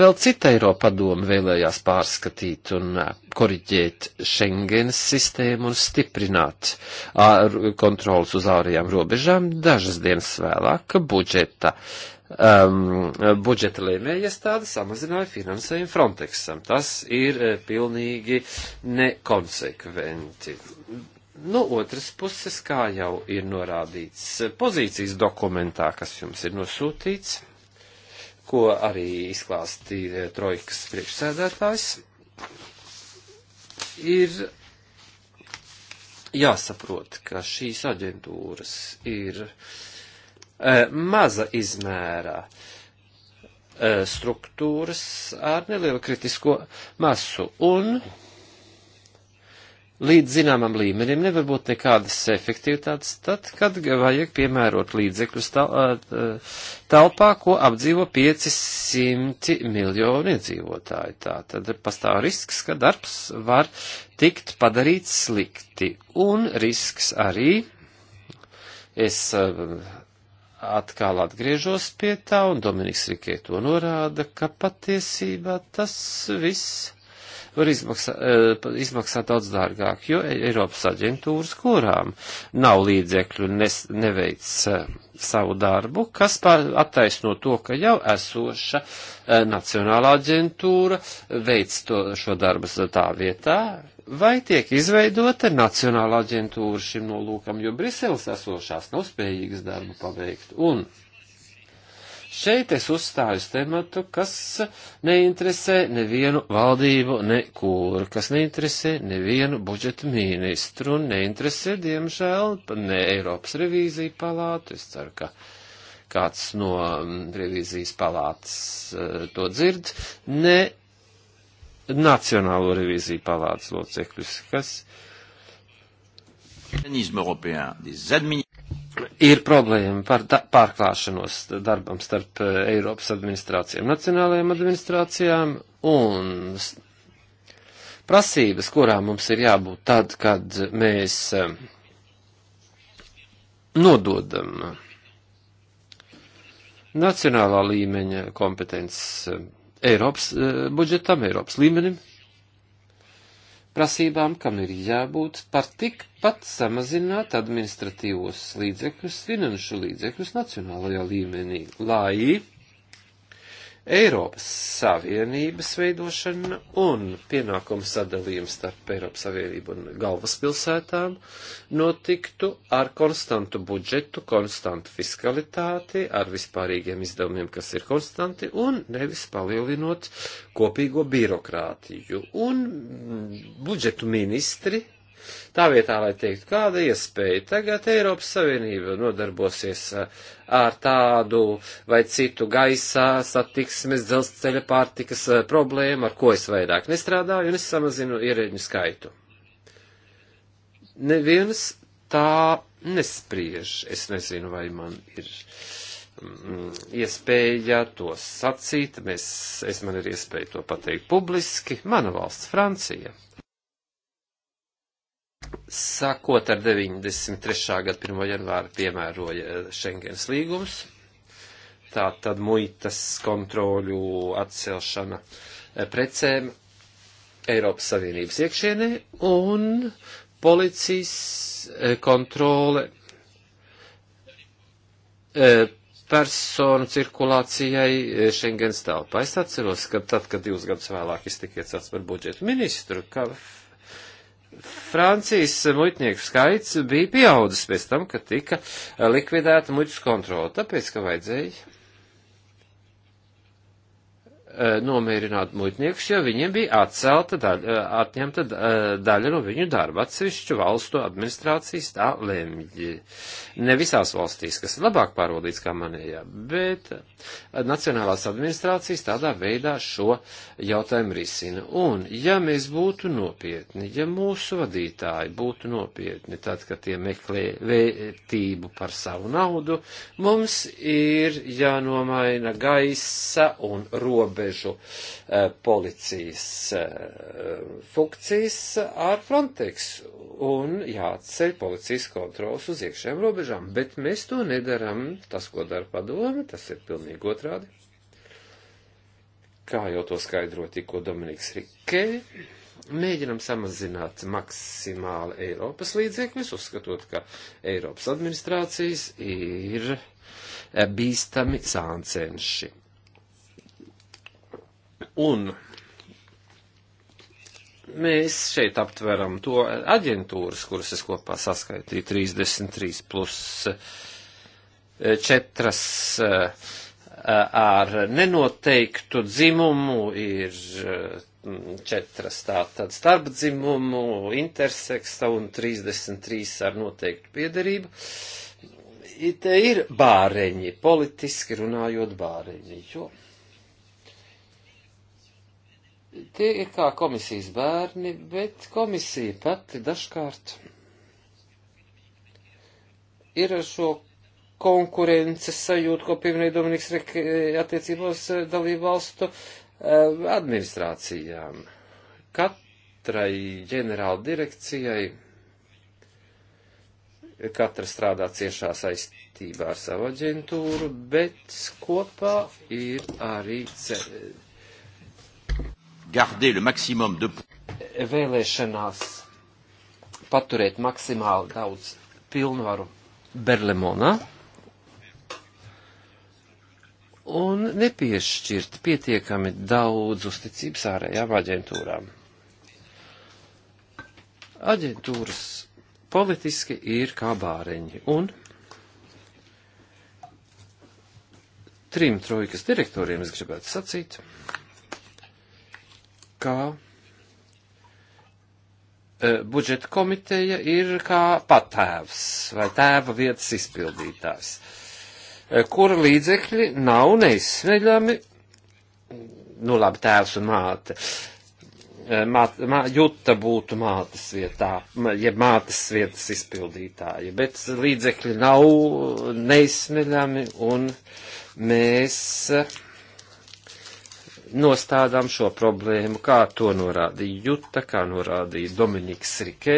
Vēl cita Eiropa doma vēlējās pārskatīt un koriģēt Schengenas sistēmu un stiprināt kontrols uz ārējām robežām. Dažas dienas vēlāk budžeta, um, budžeta lēmējas tāda samazināja finansējumu Frontexam. Tas ir pilnīgi nekonsekventi. No nu, otras puses, kā jau ir norādīts pozīcijas dokumentā, kas jums ir nosūtīts, ko arī izklāstīja e, trojkas priekšsēdētājs, ir jāsaprot, ka šīs aģentūras ir e, maza izmērā e, struktūras ar nelielu kritisko masu un līdz zināmam līmenim nevar būt nekādas efektivitātes, tad, kad vajag piemērot līdzekļus telpā, ko apdzīvo 500 miljoni iedzīvotāji. Tā tad pastāv risks, ka darbs var tikt padarīts slikti, un risks arī, es atkal atgriežos pie tā, un Dominiks Rikē to norāda, ka patiesībā tas viss var izmaksā, eh, izmaksāt daudz dārgāk, jo e- Eiropas aģentūras, kurām nav līdzekļu, nes, neveic eh, savu darbu, kas attaisno to, ka jau esoša eh, nacionālā aģentūra veic to, šo darbu tā vietā, vai tiek izveidota nacionāla aģentūra šim nolūkam, jo Briseles esošās nav spējīgas darbu paveikt. Un Šeit es uzstāju tematu, kas neinteresē nevienu valdību nekur, kas neinteresē nevienu budžetu ministru un neinteresē, diemžēl, ne Eiropas revīziju palātu. Es ceru, ka kāds no mm, revīzijas palātas eh, to dzird, ne Nacionālo revīziju palātas locekļus, kas ir problēma par da pārklāšanos darbam starp eh, Eiropas administrācijām, nacionālajām administrācijām un prasības, kurām mums ir jābūt tad, kad mēs eh, nododam nacionālā līmeņa kompetences eh, Eiropas budžetam, Eiropas līmenim prasībām, kam ir jābūt par tikpat samazināt administratīvos līdzekļus, finanšu līdzekļus nacionālajā līmenī, lai Eiropas Savienības veidošana un pienākumu sadalījums starp Eiropas Savienību un galvaspilsētām notiktu ar konstantu budžetu, konstantu fiskalitāti, ar vispārīgiem izdevumiem, kas ir konstanti, un nevis palielinot kopīgo birokrātiju. Un budžetu ministri Tā vietā, lai teikt, kāda iespēja tagad Eiropas Savienība nodarbosies eh, ar tādu vai citu gaisā satiksmes dzelzceļa pārtikas eh, problēmu, ar ko es vairāk nestrādāju, un es samazinu ierēģu skaitu. Neviens tā nespriež. Es nezinu, vai man ir mm, iespēja to sacīt, mēs, es man ir iespēja to pateikt publiski, mana valsts Francija sākot ar 93. gada 1. janvāru piemēroja eh, Schengens līgums, tā tad muitas kontroļu atcelšana eh, precēm Eiropas Savienības iekšienē un policijas eh, kontrole personu cirkulācijai Schengens telpā. Es atceros, ka tad, kad divus gadus vēlāk es tikai atsācu par budžetu ministru, ka Francijas muitnieku skaits bija pieaudzis pēc tam, kad tika likvidēta muitas kontrola, tāpēc, ka vajadzēja Eh, nomierināt muitniekus, jo viņiem bija atcelta daļa, eh, atņemta eh, daļa no viņu darba. Atsevišķu valstu administrācijas tā lemj. Ne visās valstīs, kas ir labāk pārvaldīts kā manējā, bet nacionālās administrācijas tādā veidā šo jautājumu risina. Un, ja mēs būtu nopietni, ja mūsu vadītāji būtu nopietni, tad, kad tie meklē vērtību par savu naudu, mums ir jānomaina gaisa un robežu robežu eh, policijas eh, funkcijas ar Frontex un jāatceļ policijas kontrols uz iekšējām robežām, bet mēs to nedaram. Tas, ko dara padome, tas ir pilnīgi otrādi. Kā jau to skaidro tikko Dominiks Rikē, mēģinam samazināt maksimāli Eiropas līdzekļus, uzskatot, ka Eiropas administrācijas ir eh, bīstami sāncenši. Un mēs šeit aptveram to aģentūras, kuras es kopā saskaitīju, 33 plus 4 eh, eh, ar nenoteiktu dzimumu ir eh, četras tātad starpdzimumu, interseksta un 33 ar noteiktu piederību. Te ir bāreņi, politiski runājot bāreņi, jo Tie ir kā komisijas bērni, bet komisija pati dažkārt ir ar šo konkurences sajūtu, ko pieminēja Dominiks Reki e, attiecībos e, dalību valstu e, administrācijām. Katrai ģenerāla direkcijai, katra strādā ciešā saistībā ar savu aģentūru, bet kopā ir arī garder le maximum de... Vēlēšanās paturēt maksimāli daudz pilnvaru Berlemonā un nepiešķirt pietiekami daudz uzticības ārējām aģentūrām. Aģentūras politiski ir kā bāreņi un trim trojkas direktoriem es gribētu sacīt ka e, budžeta komiteja ir kā patēvs vai tēva vietas izpildītājs, e, kura līdzekļi nav neizsmeļami, nu labi, tēvs un māte. Māt, e, mā, jūta būtu mātes vietā, ja mātes vietas izpildītāja, bet līdzekļi nav neizsmeļami un mēs uh, nostādām šo problēmu, kā to norādīja Juta, kā norādīja Dominiks Rikē.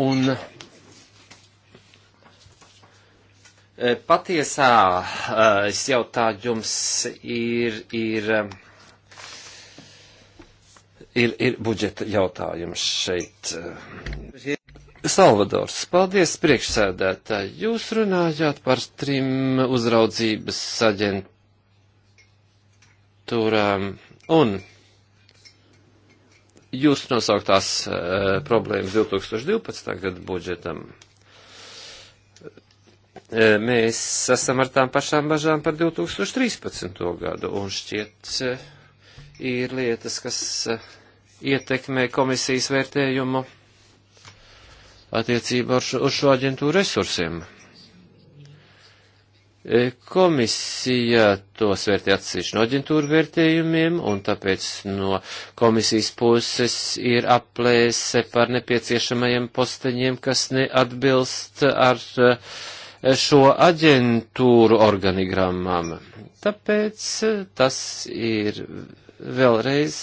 Un e, patiesā e, es jautājums ir, ir, ir, ir budžeta jautājums šeit. Salvadors, paldies priekšsēdētāji. Jūs runājāt par trim uzraudzības aģent, struktūrām un jūsu nosauktās uh, problēmas 2012. gada budžetam. Uh, mēs esam ar tām pašām bažām par 2013. gadu, un šķiet uh, ir lietas, kas ietekmē komisijas vērtējumu attiecībā uz šo aģentūru resursiem. E, komisija tos vērtē atsevišķi no aģentūra vērtējumiem, un tāpēc no komisijas puses ir aplēse par nepieciešamajiem posteņiem, kas neatbilst ar e, šo aģentūru organigrammām. Tāpēc e, tas ir vēlreiz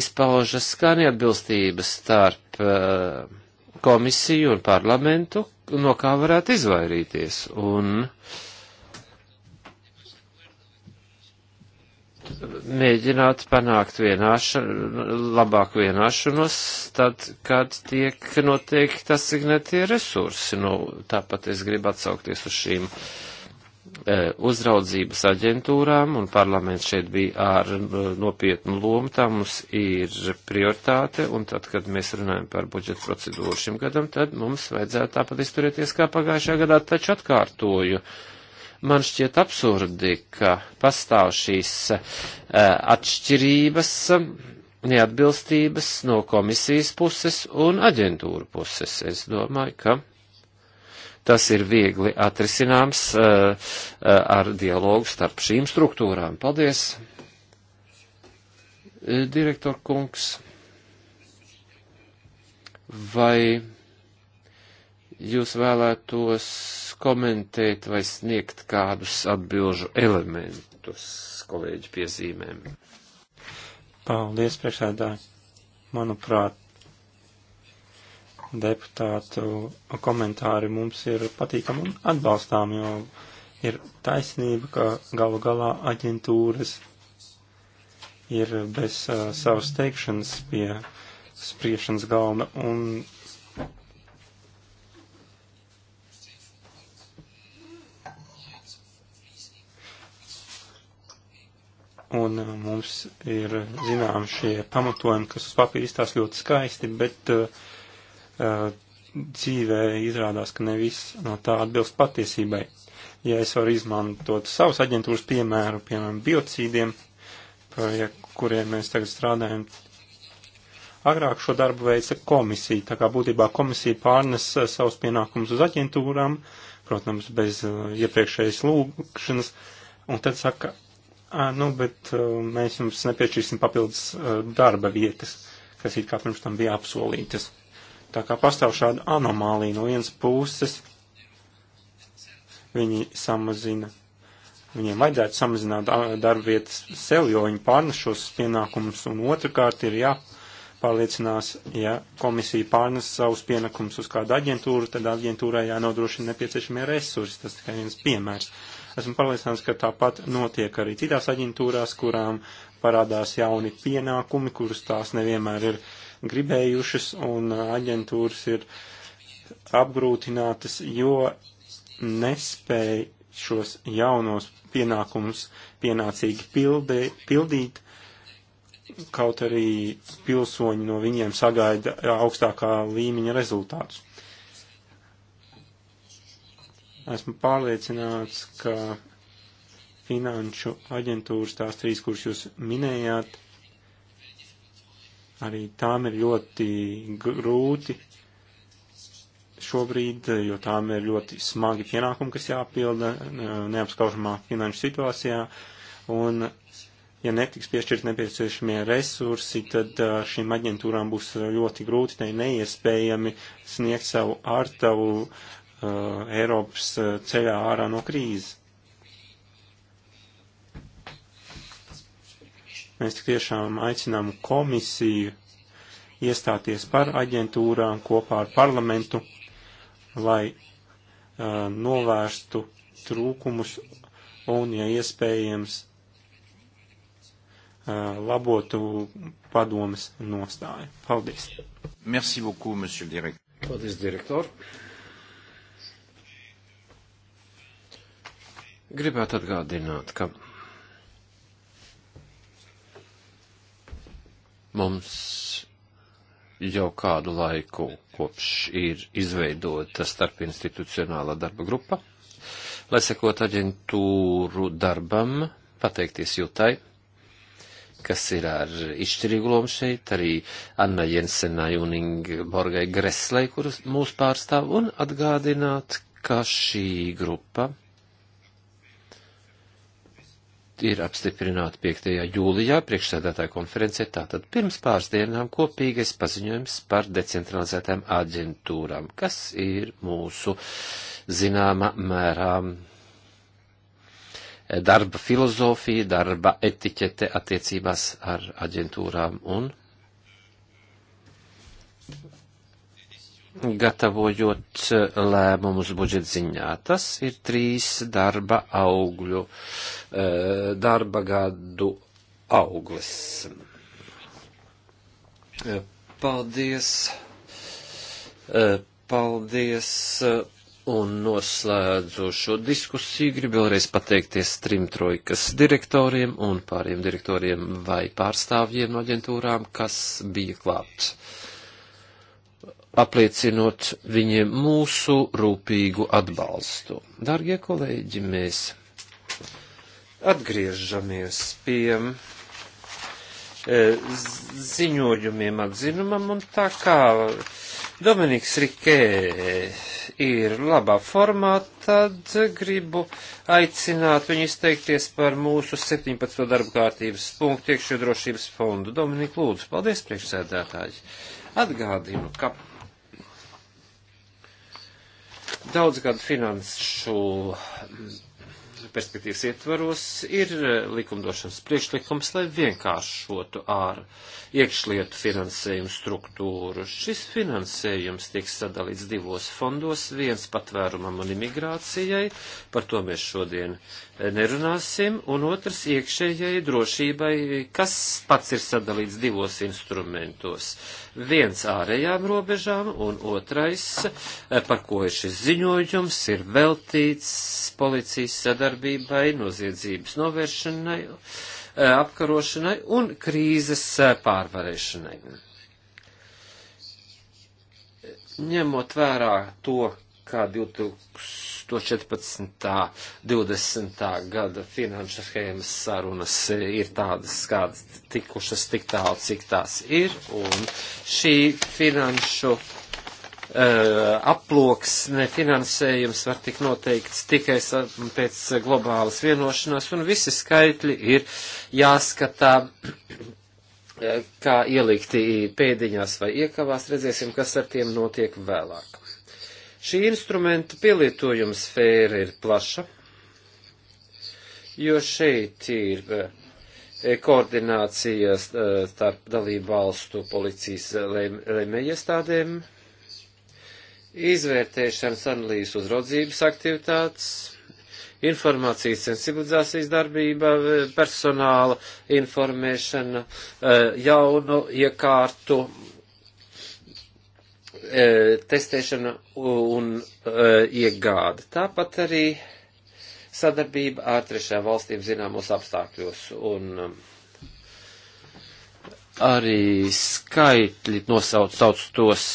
izpaužas kā neatbilstība starp komisiju un parlamentu, no kā varētu izvairīties. Un mēģināt panākt vienāšanu, labāku vienāšanos, tad, kad tiek noteikti asignētie resursi. Nu, tāpat es gribu atsaukties uz šīm uh, E, uzraudzības aģentūrām, un parlaments šeit bija ar e, nopietnu lomu, tā mums ir prioritāte, un tad, kad mēs runājam par budžeta procedūru šim gadam, tad mums vajadzētu tāpat izturēties kā pagājušajā gadā, taču atkārtoju. Man šķiet absurdi, ka pastāv šīs e, atšķirības, neatbilstības no komisijas puses un aģentūra puses. Es domāju, ka Tas ir viegli atrisināms eh, eh, ar dialogu starp šīm struktūrām. Paldies, eh, direktor kungs. Vai jūs vēlētos komentēt vai sniegt kādus atbilžu elementus kolēģi piezīmēm? Paldies, priekšsēdāji. Manuprāt, deputātu komentāri mums ir patīkami un atbalstām, jo ir taisnība, ka galu galā aģentūras ir bez uh, savas teikšanas pie spriešanas galda un un uh, mums ir zinām šie pamatojumi, kas uz papīra izstās ļoti skaisti, bet uh, Eh, dzīvē izrādās, ka ne viss no tā atbilst patiesībai. Ja es varu izmantot savus aģentūras piemēru, piemēram, biocīdiem, pie kuriem mēs tagad strādājam, agrāk šo darbu veica komisija, tā kā būtībā komisija pārnes eh, savus pienākumus uz aģentūrām, protams, bez eh, iepriekšējas lūgšanas, un tad saka, nu, bet mēs jums nepiešķirsim papildus darba vietas, kas it kā pirms tam bija apsolītas Tā kā pastāv šāda anomālija no vienas puses, viņi samazina, viņiem vajadzētu samazināt darbvietas sev, jo viņi pārnes šos pienākumus, un otrkārt ir jāpārliecinās, ja komisija pārnes savus pienākumus uz kādu aģentūru, tad aģentūrai jānodrošina nepieciešamie resursi. Tas tikai viens piemērs. Esmu pārliecināts, ka tāpat notiek arī citās aģentūrās, kurām parādās jauni pienākumi, kurus tās nevienmēr ir uh, gribējušas, un aģentūras ir apgrūtinātas, jo nespēja šos jaunos pienākumus pienācīgi pildi, pildīt, kaut arī pilsoņi no viņiem sagaida augstākā līmeņa rezultātus. Esmu pārliecināts, ka finanšu aģentūras tās trīs, kuras jūs minējāt, arī tām ir ļoti grūti šobrīd, jo tām ir ļoti smagi pienākumi, kas jāpilda neapskaužamā finanšu situācijā, un ja netiks piešķirt nepieciešamie resursi, tad šīm aģentūrām būs ļoti grūti, tai neiespējami sniegt savu ārtavu uh, Eiropas ceļā ārā no krīzes. Mēs tik tiešām aicinām komisiju iestāties par aģentūrām kopā ar parlamentu, lai uh, novērstu trūkumus un, ja iespējams, uh, labotu padomas nostāju. Paldies! Merci beaucoup, monsieur le directeur. Paldies, direktor. Gribētu atgādināt, ka Mums jau kādu laiku kopš ir izveidota starpinstitucionāla darba grupa, lai sekot aģentūru darbam, pateikties jūtai, kas ir ar izšķirīgu lomu šeit, arī Anna Jensenai un Ingeborgai Greslai, kuras mūs pārstāv, un atgādināt, ka šī grupa ir apstiprināti 5. jūlijā priekšsēdētāja konferencē, tātad pirms pāris dienām kopīgais paziņojums par decentralizētām aģentūrām, kas ir mūsu zināma mērā darba filozofija, darba etiķete attiecībās ar aģentūrām un gatavojot eh, lēmumus budžeta ziņā. Tas ir trīs darba augļu, eh, darba gadu auglis. Eh, paldies! Paldies! Un noslēdzu šo diskusiju. Gribu vēlreiz pateikties trim trojkas direktoriem un pāriem direktoriem vai pārstāvjiem no aģentūrām, kas bija klāt apliecinot viņiem mūsu rūpīgu atbalstu. Dargie kolēģi, mēs atgriežamies pie e, ziņojumiem atzinumam un tā kā Dominiks Rikē ir labā formā, tad gribu aicināt viņu izteikties par mūsu 17. darba kārtības punktu iekšējo drošības fondu. Dominika, lūdzu, paldies priekšsēdētāji. Atgādinu, ka daudzgadu finanšu perspektīvas ietvaros ir eh, likumdošanas priekšlikums, lai vienkāršotu ar iekšlietu finansējumu struktūru. Šis finansējums tiek sadalīts divos fondos, viens patvērumam un imigrācijai, par to mēs šodien nerunāsim, un otrs iekšējai drošībai, kas pats ir sadalīts divos instrumentos. Viens ārējām robežām, un otrais, par ko ir šis ziņojums, ir veltīts policijas sadarbībai, noziedzības novēršanai, apkarošanai un krīzes pārvarēšanai. Ņemot vērā to, kā 2014. 20. gada finanšu schēmas sarunas ir tādas, kādas tikušas tik tālu, cik tās ir, un šī finanšu Uh, e, aploksne finansējums var tik noteikts tikai pēc globālas vienošanās, un visi skaitļi ir jāskatā, e, kā ielikti pēdiņās vai iekavās, redzēsim, kas ar tiem notiek vēlāk. Šī instrumenta pielietojuma sfēra ir plaša, jo šeit ir eh, koordinācija eh, starp dalību valstu policijas eh, lēmējiestādēm, izvērtēšanas analīzes uzraudzības aktivitātes, informācijas sensibilizācijas darbība, personāla informēšana, jaunu iekārtu E, testēšana un e, iegāda. Tāpat arī sadarbība ar trešajām valstīm zināmos apstākļos un e, arī skaitļi nosauc tos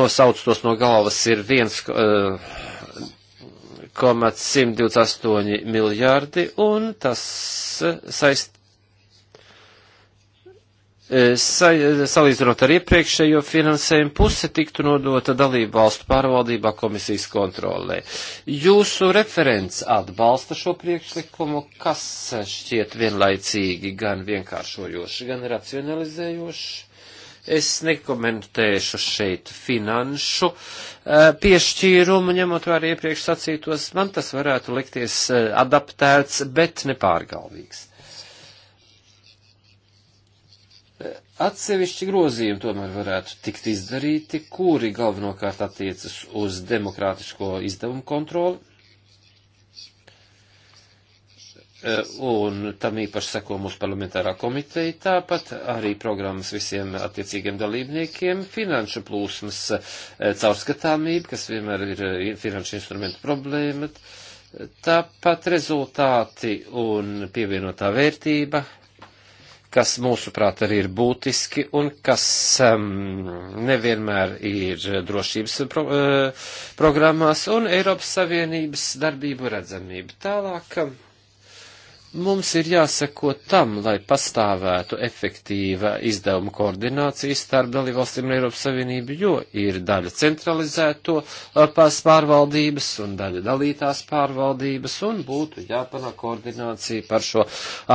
nosauc tos no galvas ir 1,128 miljārdi, un tas saist, Eh, sa, eh, salīdzinot ar iepriekšējo finansējumu, puse tiktu nodota dalību valstu pārvaldībā komisijas kontrolē. Jūsu referents atbalsta šo priekšlikumu, kas šķiet vienlaicīgi gan vienkāršojoši, gan racionalizējoši. Es nekomentēšu šeit finanšu eh, piešķīrumu, ņemot vērā iepriekš sacītos, man tas varētu likties adaptēts, bet nepārgalvīgs. Atsevišķi grozījumi tomēr varētu tikt izdarīti, kuri galvenokārt attiecas uz demokrātisko izdevumu kontroli, e, un tam īpaši seko mūsu parlamentārā komiteja, tāpat arī programmas visiem attiecīgiem dalībniekiem, finanšu plūsmas e, caurskatāmība, kas vienmēr ir e, finanšu instrumentu problēma, tāpat rezultāti un pievienotā vērtība kas mūsuprāt arī ir būtiski un kas um, nevienmēr ir drošības pro, uh, programmās un Eiropas Savienības darbību redzamība. Tālāk. Um, Mums ir jāseko tam, lai pastāvētu efektīva izdevuma koordinācija starp dalībvalstīm un Eiropas Savienību, jo ir daļa centralizēto uh, pārvaldības un daļa dalītās pārvaldības, un būtu jāpanāk koordinācija par šo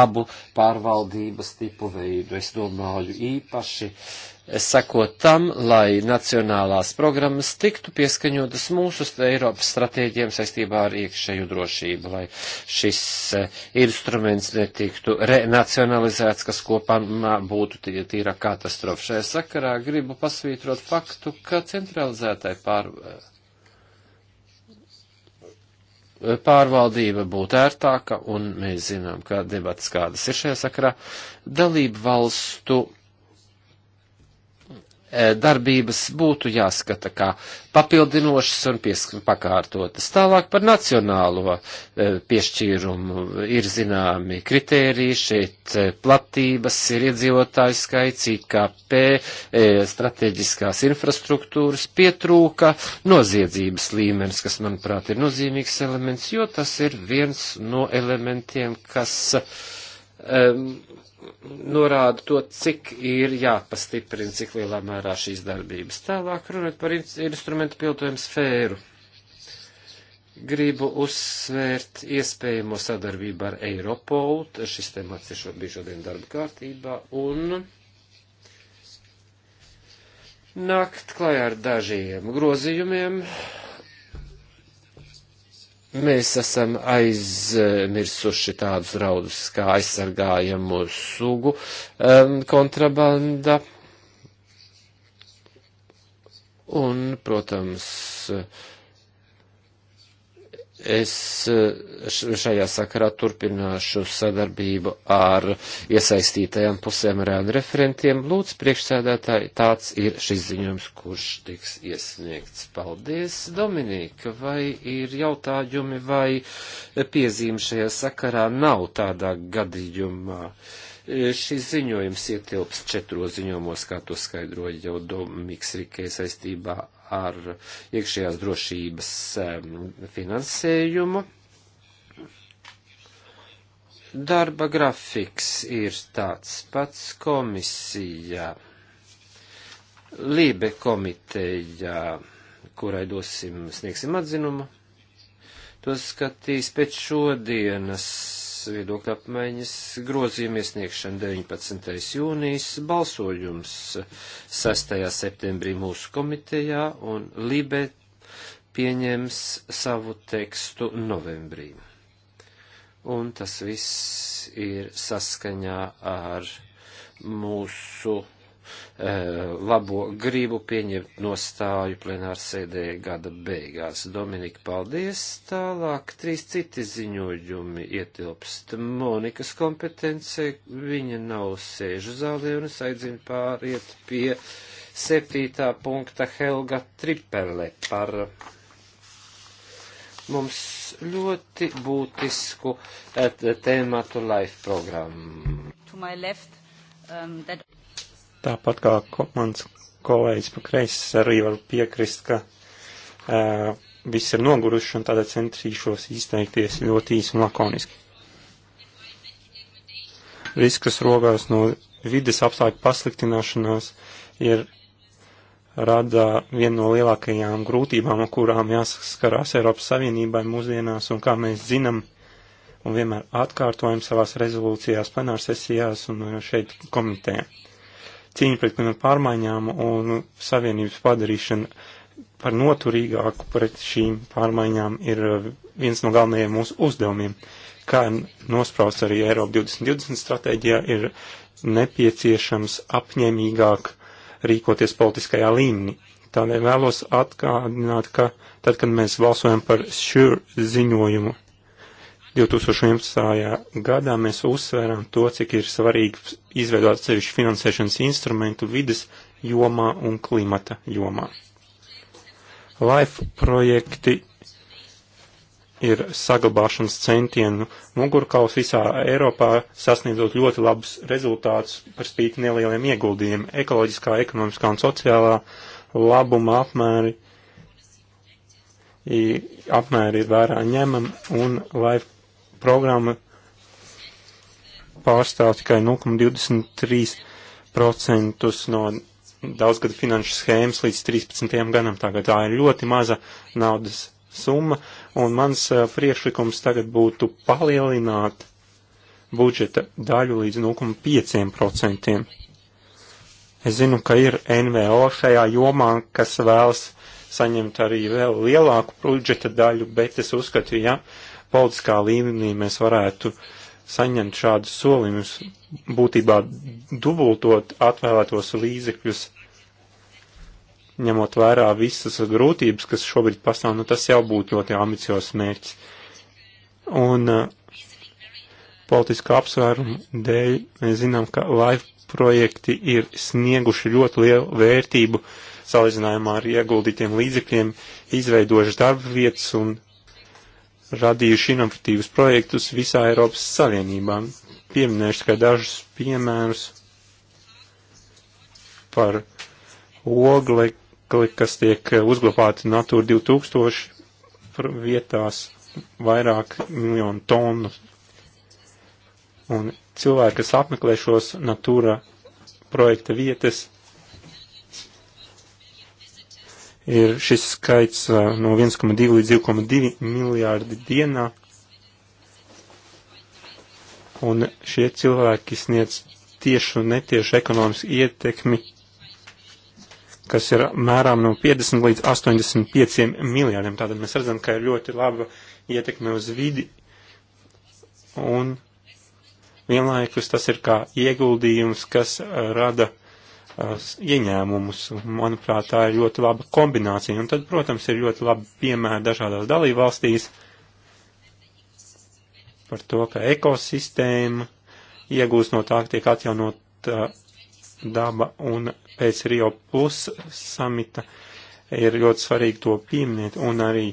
abu pārvaldības tipu veidu. Es domāju īpaši uh, sekot tam, lai nacionālās programmas tiktu pieskaņotas mūsu Eiropas stratēģiem saistībā ar iekšēju drošību, lai šis eh, instruments netiktu renacionalizēts, kas kopā būtu tīra katastrofa. Šajā sakarā gribu pasvītrot faktu, ka centralizētai pār pārvaldība būtu ērtāka, un mēs zinām, ka debats kādas ir šajā sakarā, dalību valstu E, darbības būtu jāskata kā papildinošas un pakārtotas. Tālāk par nacionālo e, piešķīrumu ir zināmi kritēriji, šeit e, platības ir iedzīvotāju skaits, IKP, strateģiskās infrastruktūras pietrūka, noziedzības līmenis, kas, manuprāt, ir nozīmīgs elements, jo tas ir viens no elementiem, kas um, norāda to, cik ir jāpastiprina, cik lielā mērā šīs darbības. Tālāk runāt par instrumentu pilotojumu sfēru. Gribu uzsvērt iespējamo sadarbību ar Eiropolu, šis temats ir šo, bija šodien darba kārtībā, un nākt klajā ar dažiem grozījumiem, Mēs esam aizmirsuši tādus draudus kā aizsargājamu sugu um, kontrabanda. Un, protams, uh, Es eh, šajā sakarā turpināšu sadarbību ar iesaistītajām pusēm ar ēnu referentiem. Lūdzu, priekšsēdētāji, tāds ir šis ziņojums, kurš tiks iesniegts. Paldies, Dominika, vai ir jautājumi vai piezīme šajā sakarā nav tādā gadījumā? Eh, šis ziņojums ietilps četros ziņojumos, kā to skaidroja jau Dominiks Rikē saistībā ar iekšējās drošības finansējumu. Darba grafiks ir tāds pats komisijā, Lībe komitejā, kurai dosim, sniegsim atzinumu. To skatīs pēc šodienas viedokļa apmaiņas grozījuma iesniegšana 19. jūnijas, balsojums 6. septembrī mūsu komitejā un Libe pieņems savu tekstu novembrī. Un tas viss ir saskaņā ar mūsu Eh, labo gribu pieņemt nostāju plenārsēdē gada beigās. Dominika, paldies! Tālāk trīs citi ziņojumi ietilpst Monikas kompetence, viņa nav sēžu zālē un es aicinu pāriet pie septītā punkta Helga Tripele par mums ļoti būtisku eh, tēmatu life programmu. To my left, um, that... Tāpat kā mans kolēģis pa kreisi arī varu piekrist, ka uh, viss ir noguruši un tādēļ centīšos izteikties ļoti īsi un lakoniski. Risks rogās no vides apstākļu pasliktināšanās ir rada viena no lielākajām grūtībām, ar kurām jāsaskarās Eiropas Savienībai mūsdienās, un kā mēs zinām, un vienmēr atkārtojam savās rezolūcijās, plenārsesijās un šeit komitē cīņa pret klimatu nu, pārmaiņām un savienības padarīšana par noturīgāku pret šīm pārmaiņām ir uh, viens no galvenajiem mūsu uzdevumiem. Kā nosprausts arī Eiropa 2020 stratēģijā, ir nepieciešams apņēmīgāk rīkoties politiskajā līmenī. Tādēļ vēlos atgādināt, ka tad, kad mēs balsojam par šur ziņojumu 2011. gadā mēs uzsvērām to, cik ir svarīgi izveidot atsevišķu finansēšanas instrumentu vides jomā un klimata jomā. LIFE projekti ir saglabāšanas centienu mugurkaus visā Eiropā, sasniedzot ļoti labus rezultātus par spīti nelieliem ieguldījumiem - ekoloģiskā, ekonomiskā un sociālā labuma apmēri. Apmēri ir vērā ņemam un LIFE programma pārstāv tikai 0,23% no daudzgada finanšu schēmas līdz 13. gadam. Tagad tā ir ļoti maza naudas summa, un mans priekšlikums tagad būtu palielināt budžeta daļu līdz 0,5%. Es zinu, ka ir NVO šajā jomā, kas vēlas saņemt arī vēl lielāku budžeta daļu, bet es uzskatu, ja politiskā līmenī mēs varētu saņemt šādus solījumus, būtībā dubultot atvēlētos līdzekļus, ņemot vērā visas grūtības, kas šobrīd pastāv, nu tas jau būtu ļoti ambiciozs mērķis. Un uh, eh, politiskā apsvēruma dēļ mēs zinām, ka LIFE projekti ir snieguši ļoti lielu vērtību salīdzinājumā ar ieguldītiem līdzekļiem, izveidojuši darba vietas un radījuši inovatīvus projektus visā Eiropas Savienībā. Pieminēšu tikai dažus piemērus par oglekli, kas tiek uzglabāti Natūra 2000 vietās vairāk miljonu tonu. Un cilvēki, kas apmeklē šos Natūra projekta vietas, ir šis skaits no 1,2 līdz 2,2 miljārdi dienā. Un šie cilvēki sniedz tiešu un netiešu ekonomisku ietekmi, kas ir mērām no 50 līdz 85 miljārdiem. Tātad mēs redzam, ka ir ļoti laba ietekme uz vidi un vienlaikus tas ir kā ieguldījums, kas rada Uh, ieņēmumus. Manuprāt, tā ir ļoti laba kombinācija. Un tad, protams, ir ļoti labi piemēri dažādās dalībvalstīs par to, ka ekosistēma iegūst no tā, ka tiek atjaunot uh, daba un pēc Rio Plus samita ir ļoti svarīgi to pieminēt un arī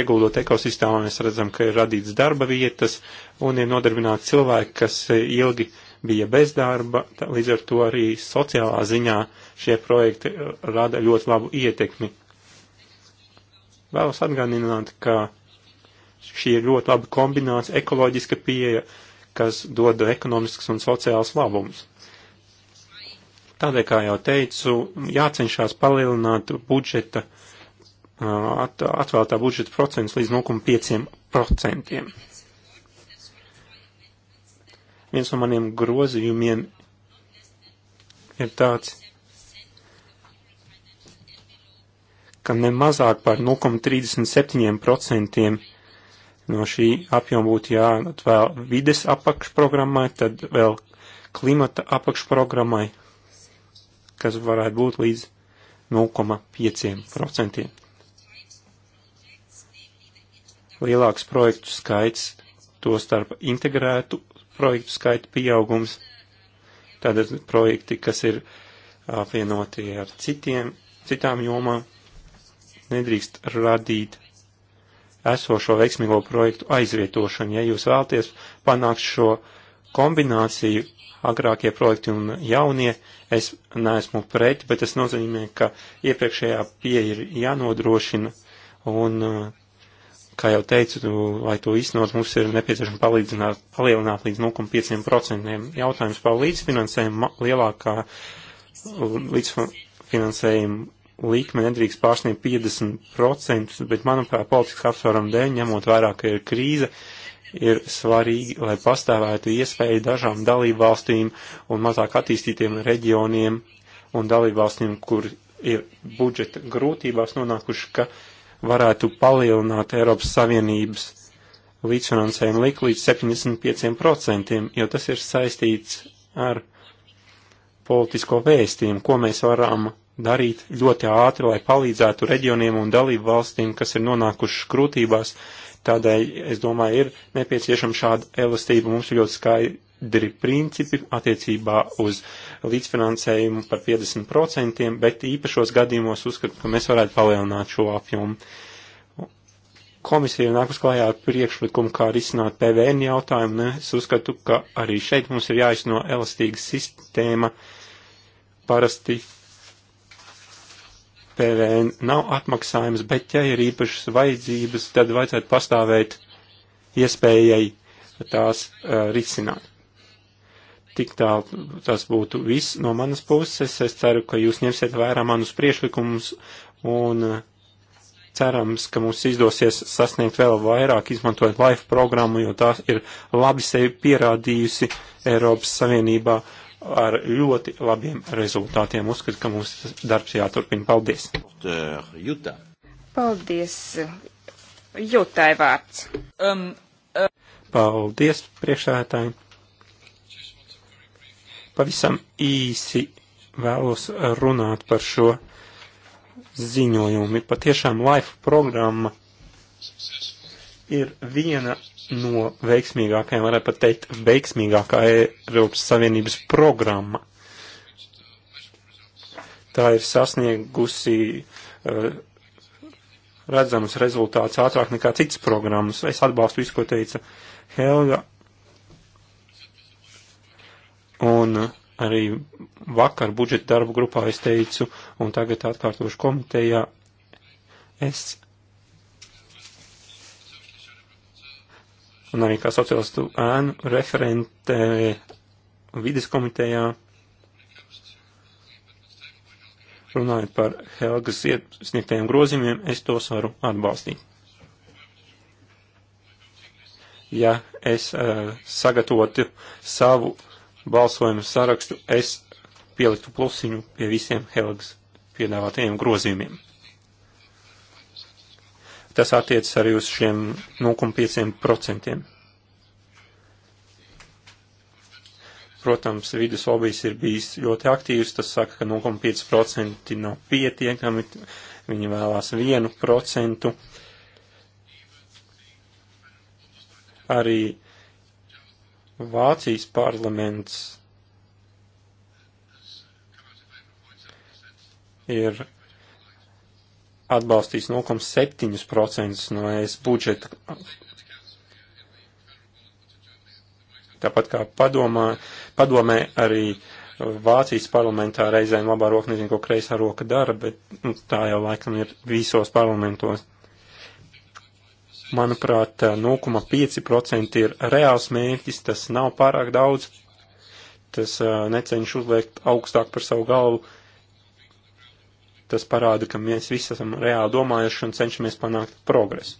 ieguldot ekosistēmā mēs redzam, ka ir radīts darba vietas un ir nodarbināti cilvēki, kas ilgi uh, bija bezdarba, tā, līdz ar to arī sociālā ziņā šie projekti uh, rada ļoti labu ietekmi. Vēlos atgādināt, ka šī ir ļoti laba kombinācija, ekoloģiska pieeja, kas dod ekonomisks un sociāls labums. Tādēļ, kā jau teicu, jācenšās palielināt budžeta, uh, atvēlētā budžeta procents līdz 0,5%. Viens no maniem grozījumiem ir tāds, ka ne mazāk par 0,37% no šī apjoma būtu jāatvēl vides apakšprogrammai, tad vēl klimata apakšprogrammai, kas varētu būt līdz 0,5%. Lielāks projektu skaits, to starp integrētu projektu skaita pieaugums. Tad ir projekti, kas ir apvienoti ar citiem, citām jomām. Nedrīkst radīt esošo veiksmīgo projektu aizvietošanu. Ja jūs vēlties panākt šo kombināciju, agrākie projekti un jaunie, es neesmu pret, bet tas nozīmē, ka iepriekšējā pieeja ir jānodrošina un uh, Kā jau teicu, lai to iznot, mums ir nepieciešams palielināt līdz 0,5%. Jautājums par līdzfinansējumu lielākā līdzfinansējumu likme nedrīkst pārsniegt 50%, bet, manuprāt, politikas apsvaram dēļ, ņemot vērā, ka ir krīze, ir svarīgi, lai pastāvētu iespēja dažām dalību valstīm un mazāk attīstītiem reģioniem un dalību valstīm, kur ir budžeta grūtībās nonākuši, ka varētu palielināt Eiropas Savienības līdzfinansējumu liku līdz 75%, jo tas ir saistīts ar politisko vēstījumu, ko mēs varam darīt ļoti ātri, lai palīdzētu reģioniem un dalību valstīm, kas ir nonākušas grūtībās. Tādēļ, es domāju, ir nepieciešama šāda elastība. Mums ir ļoti skaidri skaidri principi attiecībā uz līdzfinansējumu par 50%, bet īpašos gadījumos uzskatu, ka mēs varētu palielināt šo apjomu. Komisija nāk uz klājā ar priekšlikumu, kā risināt PVN jautājumu, un es uzskatu, ka arī šeit mums ir jāizno elastīga sistēma. Parasti PVN nav atmaksājums, bet ja ir īpašas vajadzības, tad vajadzētu pastāvēt iespējai tās uh, risināt. Tik tā tas būtu viss no manas puses. Es ceru, ka jūs ņemsiet vērā manus priešlikumus un uh, cerams, ka mums izdosies sasniegt vēl vairāk, izmantojot LIFE programmu, jo tā ir labi sevi pierādījusi Eiropas Savienībā ar ļoti labiem rezultātiem. Uzskatu, ka mums darbs jāturpina. Paldies! Jutā. Paldies! Jūtai vārds. Um, uh. Paldies priekšētājiem! Pavisam īsi vēlos runāt par šo ziņojumu. Patiešām Life programma ir viena no veiksmīgākajām, varētu pat teikt, veiksmīgākā Eiropas Savienības programma. Tā ir sasniegusi uh, redzamus rezultātus ātrāk nekā citas programmas. Es atbalstu visu, ko teica Helga Un arī vakar budžeta darbu grupā es teicu, un tagad atkārtošu komitejā, es un arī kā sociālistu ēnu referente vides komitejā. Runājot par Helgas iesniegtajiem grozījumiem, es tos varu atbalstīt. Ja es uh, sagatavotu savu uh, balsojumu sarakstu es pieliktu plusiņu pie visiem Helgas piedāvātajiem grozījumiem. Tas attiecas arī uz šiem 0,5%. Protams, vidus lobijs ir bijis ļoti aktīvs, tas saka, ka 0,5% nav pietiekami, viņi vēlās 1%. Arī Vācijas parlaments ir atbalstījis 0,7% no ES budžeta. Tāpat kā padomā, padomē arī Vācijas parlamentā reizēm labā roka nezinu, ko kreisā roka dara, bet nu, tā jau laikam ir visos parlamentos. Manuprāt, 0,5% ir reāls mērķis, tas nav pārāk daudz, tas necenš uzliekt augstāk par savu galvu. Tas parāda, ka mēs visi esam reāli domājuši un cenšamies panākt progresu.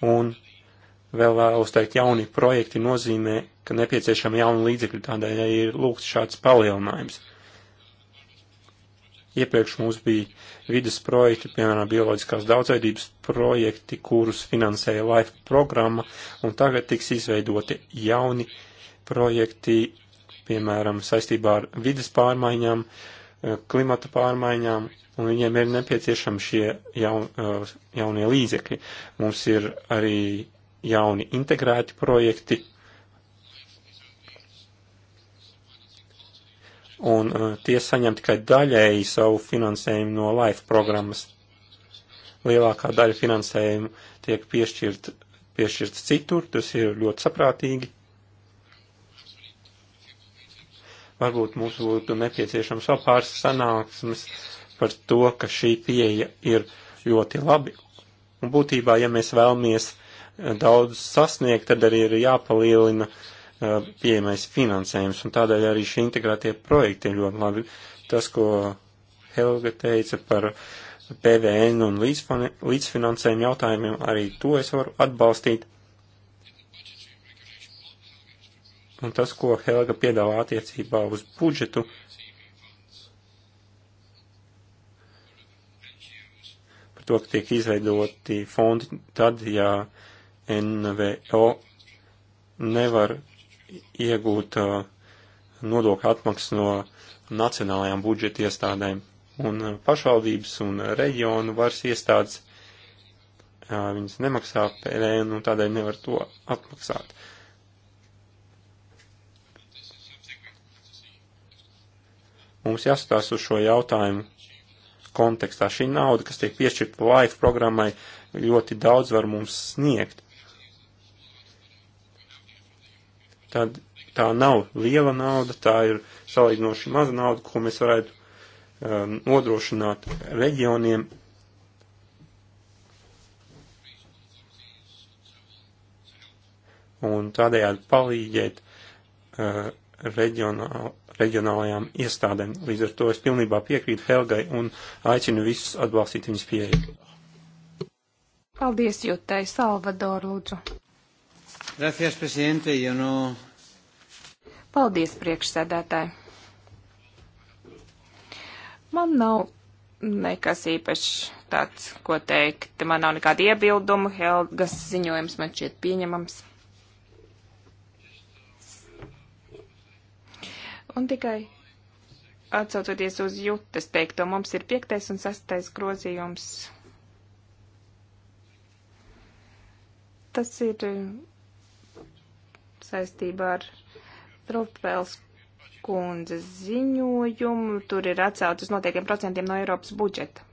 Un vēl vēlos teikt, jauni projekti nozīmē, ka nepieciešama jauna līdzekļa, tādēļ ir lūgts šāds palielinājums. Iepriekš mums bija vidas projekti, piemēram, bioloģiskās daudzveidības projekti, kurus finansēja LIFE programma, un tagad tiks izveidoti jauni projekti, piemēram, saistībā ar vidas pārmaiņām, eh, klimata pārmaiņām, un viņiem ir nepieciešami šie jaun, eh, jaunie līdzekļi. Mums ir arī jauni integrēti projekti, un uh, tie saņem tikai daļēji savu finansējumu no LIFE programmas. Lielākā daļa finansējumu tiek piešķirt, piešķirts citur, tas ir ļoti saprātīgi. Varbūt mums būtu nepieciešams vēl pāris sanāksmes par to, ka šī pieeja ir ļoti labi. Un būtībā, ja mēs vēlamies uh, daudz sasniegt, tad arī ir jāpalielina uh, Uh, pieejamais finansējums, un tādēļ arī šie integrētie projekti ir ļoti labi. Tas, ko Helga teica par PVN un līdzfinansējumu jautājumiem, arī to es varu atbalstīt. Un tas, ko Helga piedāvā attiecībā uz budžetu, par to, ka tiek izveidoti fondi tad, ja NVO nevar iegūt uh, nodokļu atmaksu no nacionālajām budžeta iestādēm. Un uh, pašvaldības un reģionu varas iestādes uh, viņas nemaksā pēdēju nu, un tādēļ nevar to atmaksāt. Mums jāskatās uz šo jautājumu kontekstā. Šī nauda, kas tiek piešķirta LIFE programmai, ļoti daudz var mums sniegt. Tad tā nav liela nauda, tā ir salīdzinoši maza nauda, ko mēs varētu um, nodrošināt reģioniem. Un tādējādi palīdzēt uh, reģionāl, reģionālajām iestādēm. Līdz ar to es pilnībā piekrītu Helgai un aicinu visus atbalstīt viņas pieeju. Paldies, Jūtai, Salvadoru, lūdzu. Gracias, presidente. Yo no. Paldies, priekšsēdētāji. Man nav nekas īpašs tāds, ko teikt. Man nav nekāda iebilduma. Helgas ziņojums man šķiet pieņemams. Un tikai atsaucoties uz jūtas teikto, mums ir piektais un sastais grozījums. Tas ir saistībā ar Trupels kundzes ziņojumu. Tur ir atsaucis noteikiem procentiem no Eiropas budžeta.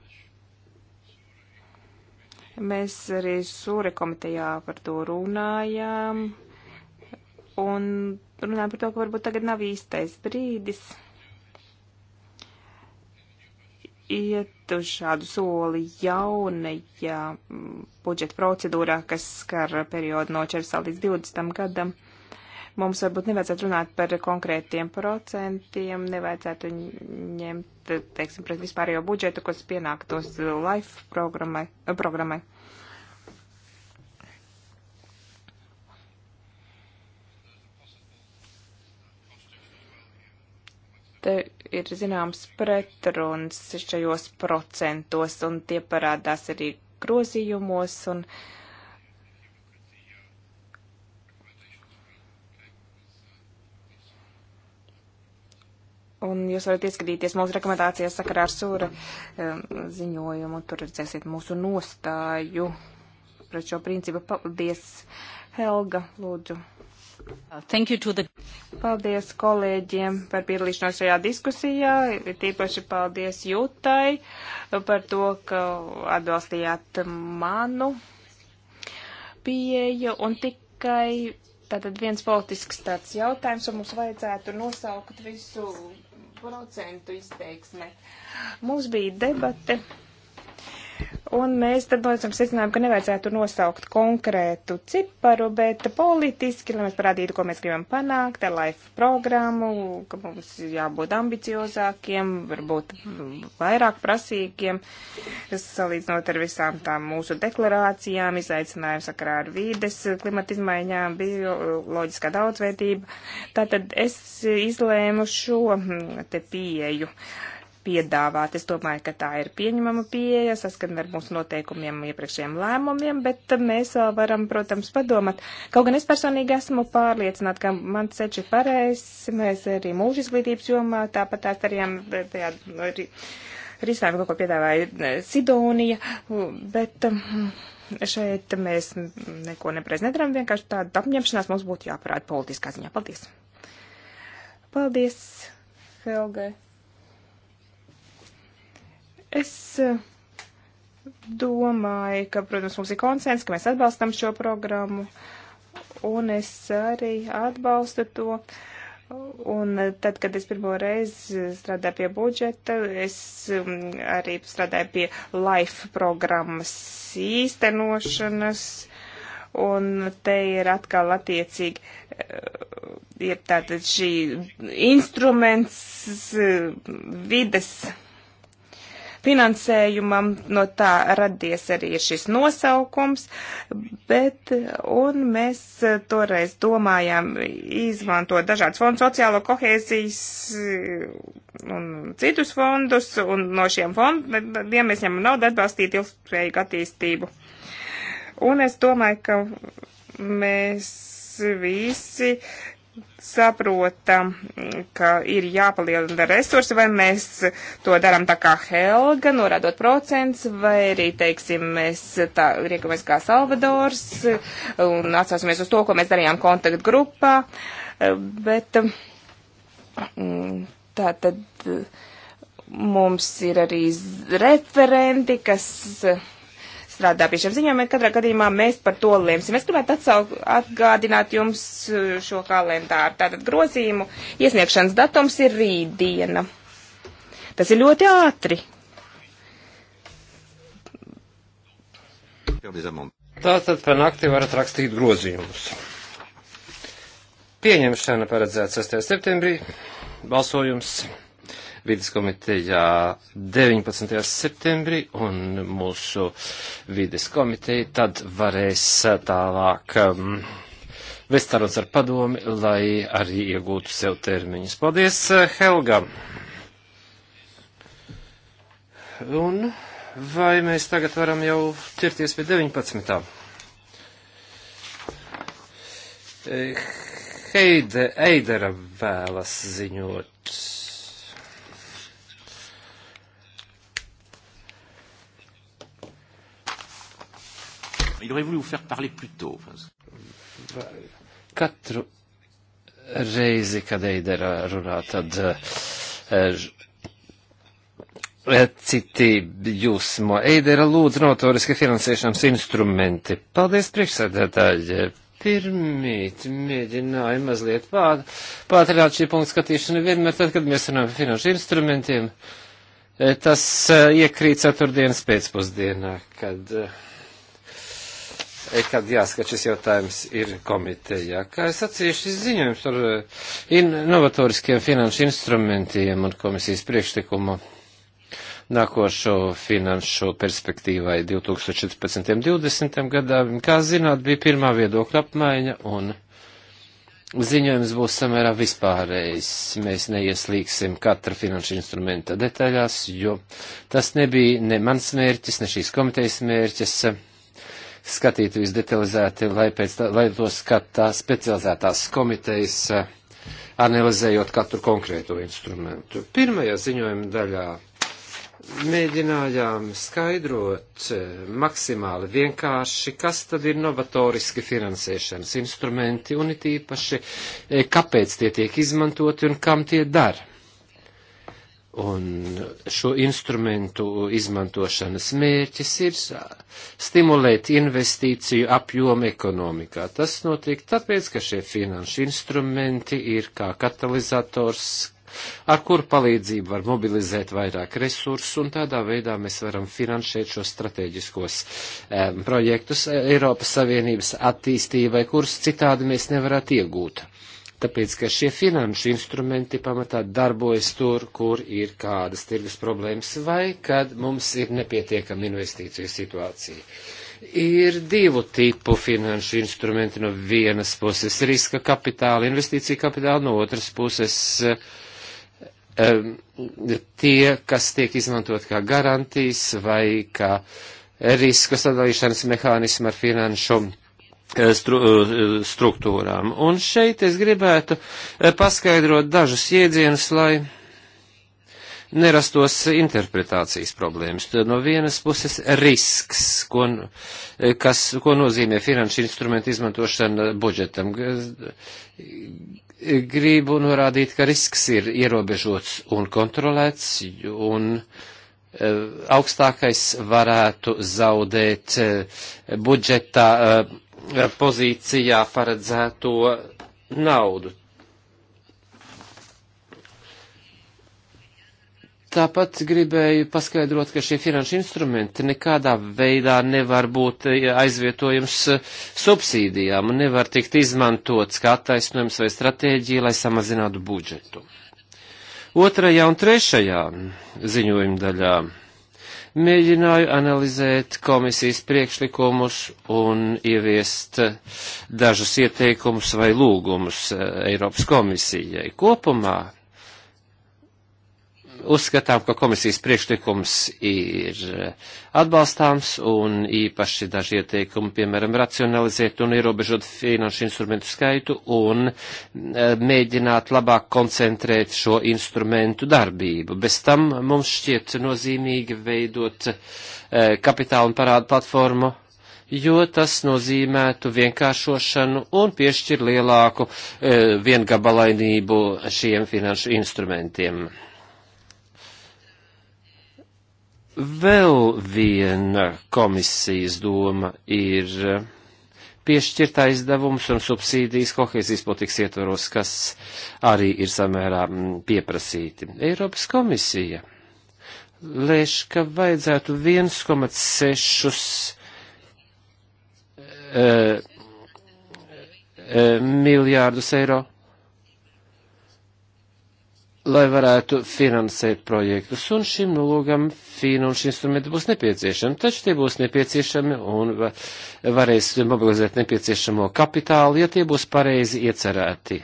Mēs arī Sūre komitejā par to runājām. Un runājām par to, ka varbūt tagad nav īstais brīdis iet uz šādu soli jaunajā budžeta procedūrā, kas skar periodu no 4 līdz 20 gadam. Mums varbūt nevajadzētu runāt par konkrētiem procentiem, nevajadzētu ņemt, teiksim, pret vispārējo budžetu, kas pienāktos LIFE programmai. Eh, programmai. te ir zināms pretruns šajos procentos, un tie parādās arī grozījumos, un uh, Un jūs varat ieskatīties mūsu rekomendācijas sakarā ar sūra um, ziņojumu, un tur redzēsiet mūsu nostāju pret šo principu. Paldies, Helga, lūdzu. Thank you to the. Paldies kolēģiem par piedalīšanos šajā diskusijā. Tīpaši paldies Jūtai par to, ka atbalstījāt manu pieeju un tikai tātad viens politisks tāds jautājums, un mums vajadzētu nosaukt visu procentu izteiksme. Mums bija debate Un mēs tad nolasam secinājumu, ka nevajadzētu nosaukt konkrētu ciparu, bet politiski, lai mēs parādītu, ko mēs gribam panākt ar life programmu, ka mums jābūt ambiciozākiem, varbūt vairāk prasīgiem, salīdzinot ar visām tām mūsu deklarācijām, izaicinājumu sakarā ar vīdes, klimata izmaiņām, bioloģiskā daudzveidība. Tātad es izlēmu šo mm, te pieeju. Uh, piedāvāt. Es domāju, ka tā ir pieņemama pieeja, saskan ar mūsu noteikumiem, iepriekšējiem lēmumiem, bet mēs vēl varam, protams, padomāt. Kaut gan es personīgi esmu pārliecināta, ka man ceļš ir pareizs, mēs arī mūža izglītības jomā tāpat tā arī tajā. arī, risinājumu kaut ko piedāvāja Sidonija, bet um, šeit mēs neko nepreiz nedaram, vienkārši tāda apņemšanās mums būtu jāparāda politiskā ziņā. Paldies! Paldies, Helgai! Es eh, domāju, ka, protams, mums ir konsens, ka mēs atbalstam šo programmu, un es arī atbalstu to. Un eh, tad, kad es pirmo reizi strādāju pie budžeta, es mm, arī strādāju pie LIFE programmas īstenošanas, un te ir atkal attiecīgi, eh, ir tātad šī instruments vides finansējumam, no tā radies arī šis nosaukums, bet, un mēs eh, toreiz domājām izmantot dažādas fondus, sociālo kohēzijas eh, un citus fondus, un no šiem fondiem mēs ņemam naudu atbalstīt ilgspējīgu attīstību. Un es domāju, ka mēs visi uh, saprotam, ka ir jāpalielina resursi, vai mēs to darām tā kā Helga, norādot procents, vai arī, teiksim, mēs tā riekamies kā Salvadors un atsaucamies uz to, ko mēs darījām kontaktgrupā, bet mm, tā tad mm, mums ir arī referenti, kas strādā pie šiem ziņojumiem. Katrā gadījumā mēs par to lemsim. Es gribētu atsauk, atgādināt jums uh, šo kalendāru. Tātad grozījumu iesniegšanas datums ir rītdiena. Tas ir ļoti ātri. Tātad par nakti varat rakstīt grozījumus. Pieņemšana paredzēta 6. septembrī. Balsojums vidas komitejā 19. septembrī un mūsu vidas komiteja tad varēs eh, tālāk um, vest sarunas ar padomi, lai arī iegūtu sev termiņus. Paldies, eh, Helga! Un vai mēs tagad varam jau ķerties pie 19. Eh, Heide, Eidera vēlas ziņot Katru reizi, kad Eidera runā, tad eh, eh, citi jūs, mo Eidera, lūdzu notoriski finansēšanas instrumenti. Paldies, priekšsēdētāji! pirmīt mēģināju mazliet pār, pātrināt šī punkta skatīšanu vienmēr tad, kad mēs runājam par finanšu instrumentiem. Eh, tas iekrīt ceturtdienas pēcpusdienā, kad uh, kad jāskat šis jautājums ir komitejā. Kā es atceru, šis ziņojums ar eh, novatoriskiem finanšu instrumentiem un komisijas priekšlikumu nākošo finanšu perspektīvai 2014-2020 gadām, kā zināt, bija pirmā viedokļa apmaiņa un ziņojums būs samērā vispārējs. Mēs neieslīgsim katra finanšu instrumenta detaļās, jo tas nebija ne mans mērķis, ne šīs komitejas mērķis skatītu visdetalizēti, lai, pēc, lai to skatā specializētās komitejas, eh, analizējot katru konkrēto instrumentu. Pirmajā ziņojuma daļā mēģinājām skaidrot eh, maksimāli vienkārši, kas tad ir novatoriski finansēšanas instrumenti un it īpaši, eh, kāpēc tie tiek izmantoti un kam tie dara. Un šo instrumentu izmantošanas mērķis ir stimulēt investīciju apjomu ekonomikā. Tas notiek tāpēc, ka šie finanšu instrumenti ir kā katalizators, ar kuru palīdzību var mobilizēt vairāk resursu, un tādā veidā mēs varam finansēt šos strateģiskos um, projektus Eiropas Savienības attīstībai, kurus citādi mēs nevarētu iegūt tāpēc, ka šie finanšu instrumenti pamatā darbojas tur, kur ir kādas tirgus problēmas vai kad mums ir nepietiekama investīciju situācija. Ir divu tipu finanšu instrumenti no vienas puses - riska kapitāla, investīcija kapitāla, no otras puses um, tie, kas tiek izmantot kā garantijas vai kā risku sadalīšanas mehānismu ar finanšu Eh, stru, eh, struktūrām. Un šeit es gribētu eh, paskaidrot dažus jēdzienus, lai nerastos interpretācijas problēmas. Tad no vienas puses risks, ko, kas, ko nozīmē finanšu instrumentu izmantošana budžetam. Gribu norādīt, ka risks ir ierobežots un kontrolēts, un augstākais varētu zaudēt budžeta pozīcijā paredzēto naudu. Tāpat gribēju paskaidrot, ka šie finanšu instrumenti nekādā veidā nevar būt aizvietojums subsīdijām un nevar tikt izmantots kā attaisnojums vai stratēģija, lai samazinātu budžetu. Otrajā un trešajā ziņojuma daļā mēģināju analizēt komisijas priekšlikumus un ieviest dažus ieteikumus vai lūgumus eh, Eiropas komisijai. Kopumā uzskatām, ka komisijas priekšlikums ir eh, atbalstāms un īpaši daži ieteikumi, piemēram, racionalizēt un ierobežot finanšu instrumentu skaitu un eh, mēģināt labāk koncentrēt šo instrumentu darbību. Bez tam mums šķiet nozīmīgi veidot eh, kapitāla un parādu platformu jo tas nozīmētu vienkāršošanu un piešķir lielāku e, viengabalainību šiem finanšu instrumentiem. Vēl viena komisijas doma ir eh, piešķirtā izdevums un subsīdijas kohēzijas politikas ietvaros, kas arī ir samērā mm, pieprasīti. Eiropas komisija lēš, ka vajadzētu 1,6 uh, uh, miljārdus eiro lai varētu finansēt projektus, un šim nolūgam finanšu instrumenti būs nepieciešami, taču tie būs nepieciešami un varēs mobilizēt nepieciešamo kapitālu, ja tie būs pareizi iecerēti.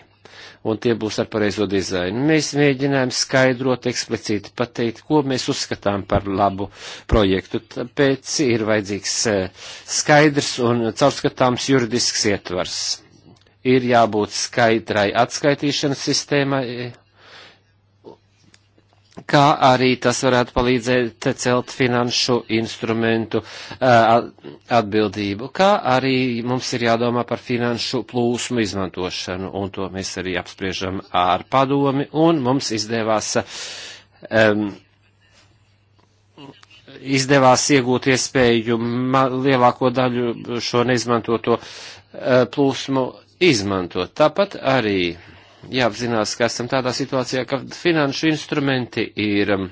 Un tie būs ar pareizo dizainu. Mēs mēģinājām skaidrot, eksplicīti pateikt, ko mēs uzskatām par labu projektu. Tāpēc ir vajadzīgs eh, skaidrs un caurskatāms juridisks ietvars. Ir jābūt skaidrai atskaitīšanas sistēmai kā arī tas varētu palīdzēt celt finanšu instrumentu atbildību, kā arī mums ir jādomā par finanšu plūsmu izmantošanu, un to mēs arī apspriežam ar padomi, un mums izdevās um, izdevās iegūt iespēju lielāko daļu šo neizmantoto uh, plūsmu izmantot. Tāpat arī jāapzinās, ka esam tādā situācijā, ka finanšu instrumenti ir, um,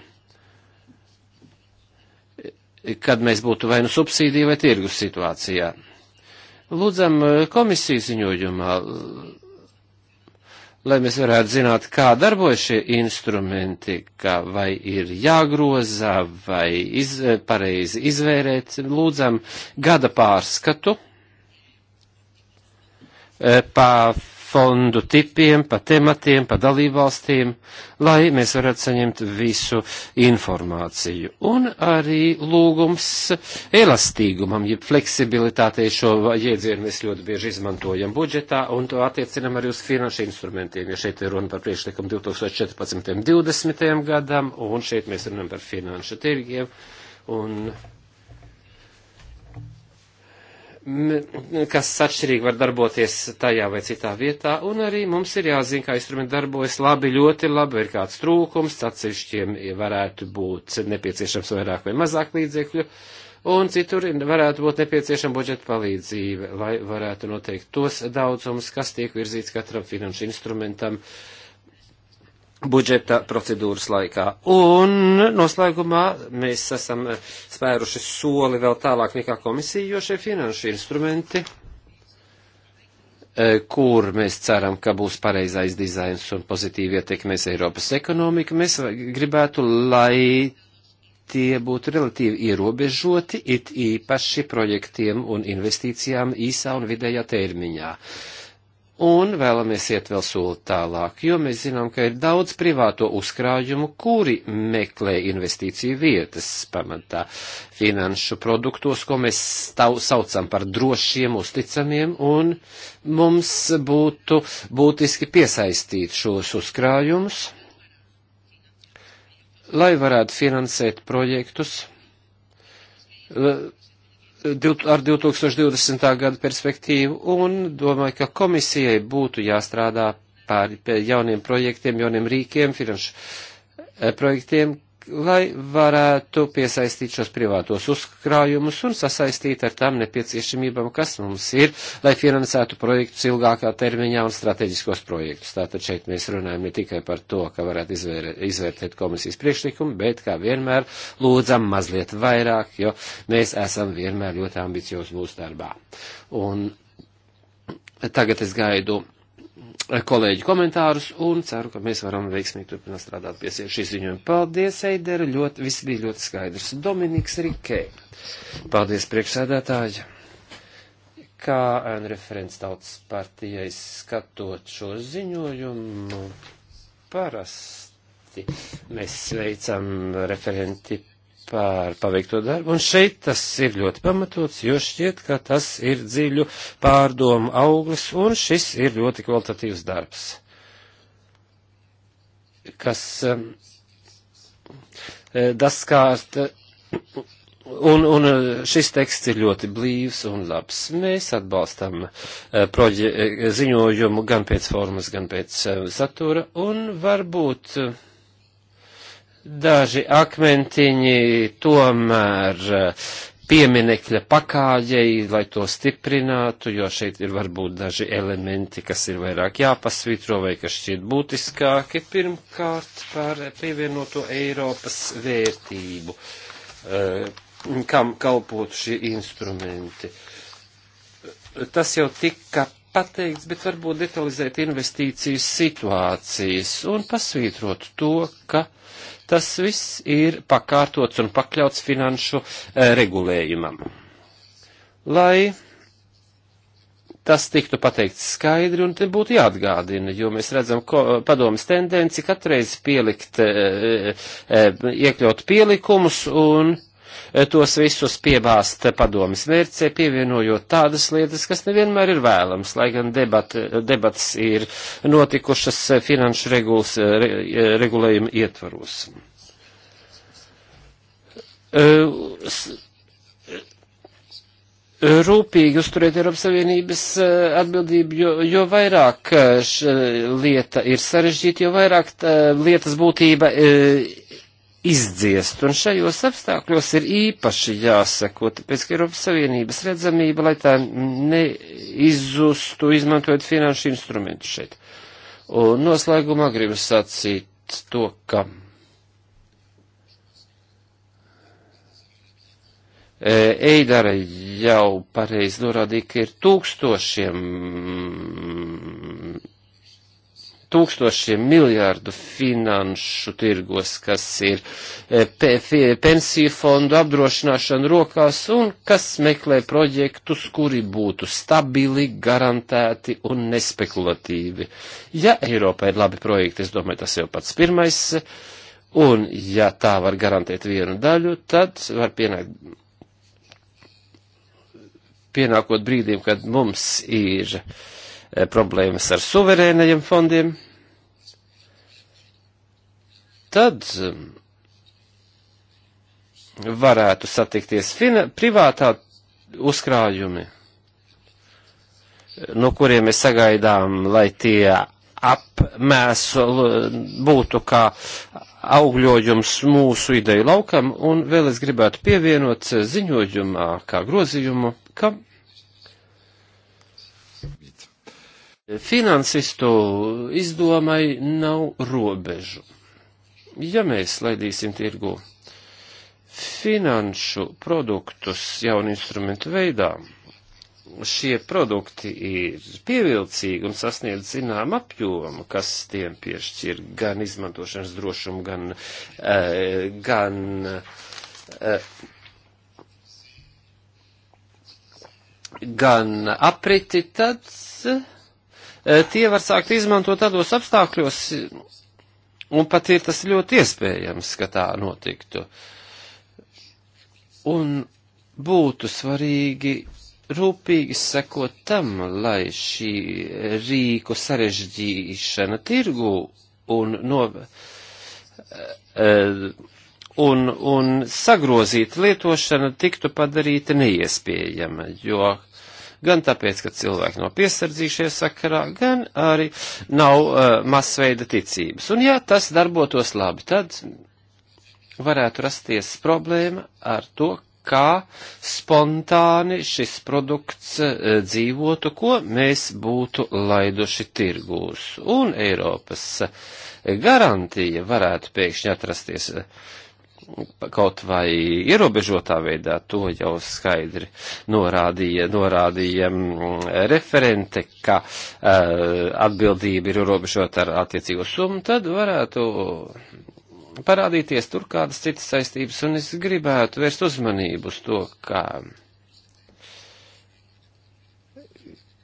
kad mēs būtu vai nu subsīdija vai tirgus situācijā. Lūdzam uh, komisiju ziņojumā, lai mēs varētu zināt, kā darbojas šie instrumenti, kā vai ir jāgroza, vai iz, pareizi izvērēt, lūdzam gada pārskatu. Uh, pa fondu tipiem, pa tematiem, pa dalībvalstīm, lai mēs varētu saņemt visu informāciju. Un arī lūgums elastīgumam, ja fleksibilitātei šo jēdzienu mēs ļoti bieži izmantojam budžetā un to attiecinam arī uz finanšu instrumentiem, jo šeit ir runa par priekšlikumu 2014. 20. gadam un šeit mēs runājam par finanšu tirgiem. Un kas atšķirīgi var darboties tajā vai citā vietā, un arī mums ir jāzina, kā instrumenti darbojas labi, ļoti labi, ir kāds trūkums, atsevišķiem varētu būt nepieciešams vairāk vai mazāk līdzekļu, un citur varētu būt nepieciešama budžeta palīdzība, lai varētu noteikt tos daudzums, kas tiek virzīts katram finanšu instrumentam, uh, budžeta procedūras laikā. Un noslēgumā mēs esam eh, spēruši soli vēl tālāk nekā komisija, jo šie finanšu instrumenti, eh, kur mēs ceram, ka būs pareizais dizains un pozitīvi ietekmēs Eiropas ekonomiku, mēs gribētu, lai tie būtu relatīvi ierobežoti, it īpaši projektiem un investīcijām īsā un vidējā termiņā. Uh, un vēlamies iet vēl soli tālāk, jo mēs zinām, ka ir daudz privāto uzkrājumu, kuri meklē investīciju vietas pamatā finanšu produktos, ko mēs stav, saucam par drošiem, uzticamiem, un mums būtu būtiski piesaistīt šos uzkrājumus, lai varētu finansēt projektus, ar 2020. gada perspektīvu un domāju, ka komisijai būtu jāstrādā pār jauniem projektiem, jauniem rīkiem, finanšu eh, projektiem, lai varētu piesaistīt šos privātos uzkrājumus un sasaistīt ar tām nepieciešamībām, kas mums ir, lai finansētu projektus ilgākā termiņā un strateģiskos projektus. Tātad šeit mēs runājam ne tikai par to, ka varētu izvēr, izvērtēt komisijas priekšlikumu, bet kā vienmēr lūdzam mazliet vairāk, jo mēs esam vienmēr ļoti ambiciozi mūsu darbā. Un tagad es gaidu kolēģi komentārus un ceru, ka mēs varam veiksmīgi turpināt strādāt pie šīs ziņojuma. Paldies, Eidera, ļoti, viss bija ļoti skaidrs. Dominiks Rikē. Paldies, priekšsēdētāji. Kā referents tautas partijai skatot šo ziņojumu, parasti mēs sveicam referenti par paveikto darbu, un šeit tas ir ļoti pamatots, jo šķiet, ka tas ir dziļu pārdomu auglis, un šis ir ļoti kvalitatīvs darbs, kas um, eh, daskārt, eh, un, un eh, šis teksts ir ļoti blīvs un labs. Mēs atbalstam proģi, ziņojumu gan pēc formas, gan pēc satura, un varbūt daži akmentiņi tomēr eh, pieminekļa pakāģei, lai to stiprinātu, jo šeit ir varbūt daži elementi, kas ir vairāk jāpasvitro vai kas šķiet būtiskāki. Pirmkārt par pievienoto Eiropas vērtību, eh, kam kalpotu šie instrumenti. Tas jau tika pateikts, bet varbūt detalizēt investīcijas situācijas un pasvītrot to, ka uh, Tas viss ir pakārtots un pakļauts finanšu eh, regulējumam. Lai tas tiktu pateikts skaidri un te būtu jāatgādina, jo mēs redzam ko, padomas tendenci katreiz pielikt, e, e, iekļaut pielikumus un tos visus piebāzt padomis mērķē, pievienojot tādas lietas, kas nevienmēr ir vēlams, lai gan debat, debats ir notikušas finanšu regulas, re, regulējuma ietvaros. Rūpīgi uzturēt Eiropas Savienības atbildību, jo, jo vairāk lieta ir sarežģīta, jo vairāk lietas būtība izdziest, un šajos apstākļos ir īpaši jāsekot pēc Eiropas Savienības redzamība, lai tā neizzustu, izmantojot finanšu instrumentu šeit. Un noslēgumā gribu sacīt to, ka e, Eidara jau pareizi norādīja, ka ir tūkstošiem tūkstošiem miljārdu finanšu tirgos, kas ir e, pensiju fondu apdrošināšana rokās un kas meklē projektus, kuri būtu stabili, garantēti un nespekulatīvi. Ja Eiropā ir labi projekti, es domāju, tas jau pats pirmais, un ja tā var garantēt vienu daļu, tad var pienākt. Pienākot brīdim, kad mums ir uh, Eh, problēmas ar suverēnajiem fondiem, tad eh, varētu satikties fina, privātā uzkrājumi, eh, no kuriem mēs sagaidām, lai tie apmēs būtu kā augļojums mūsu ideju laukam, un vēl es gribētu pievienot ziņojumā kā grozījumu, ka Finansistu izdomai nav robežu. Ja mēs laidīsim tirgu finanšu produktus jaunu instrumentu veidā, šie produkti ir pievilcīgi un sasniedz zinām apjomu, kas tiem piešķir gan izmantošanas drošumu, gan, eh, gan eh, gan apriti, tad Eh, tie var sākt izmantot tādos apstākļos, un pat ir tas ļoti iespējams, ka tā notiktu. Un būtu svarīgi rūpīgi sekot tam, lai šī rīku sarežģīšana tirgu un no. Uh, un, un sagrozīta lietošana tiktu padarīta neiespējama, jo uh, gan tāpēc, ka cilvēki nav piesardzījušies sakarā, gan arī nav uh, masveida ticības. Un ja tas darbotos labi, tad varētu rasties problēma ar to, kā spontāni šis produkts uh, dzīvotu, ko mēs būtu laiduši tirgūs. Un Eiropas uh, garantija varētu pēkšņi atrasties uh, kaut vai ierobežotā veidā, to jau skaidri norādīja, norādīja mm, referente, ka uh, atbildība ir ierobežota ar attiecīgo summu, tad varētu parādīties tur kādas citas saistības, un es gribētu vērst uzmanību uz to, ka. Kā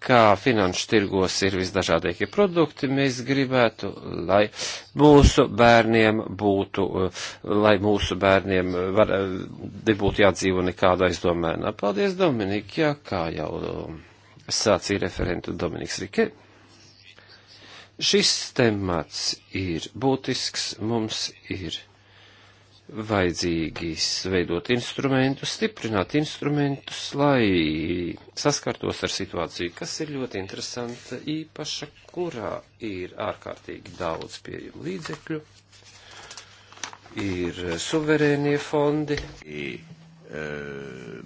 kā finanšu tirgos ir visdažādākie produkti, mēs gribētu, lai mūsu bērniem būtu, lai mūsu bērniem var, nebūtu jādzīvo nekāda aizdomēnā. Paldies, Dominika, jā, kā jau sācīja referentu Dominiks Rike. Šis temats ir būtisks, mums ir vajadzīgi veidot instrumentus, stiprināt instrumentus, lai saskartos ar situāciju, kas ir ļoti interesanta, īpaša, kurā ir ārkārtīgi daudz pieejamu līdzekļu, ir suverēnie fondi. Et, euh,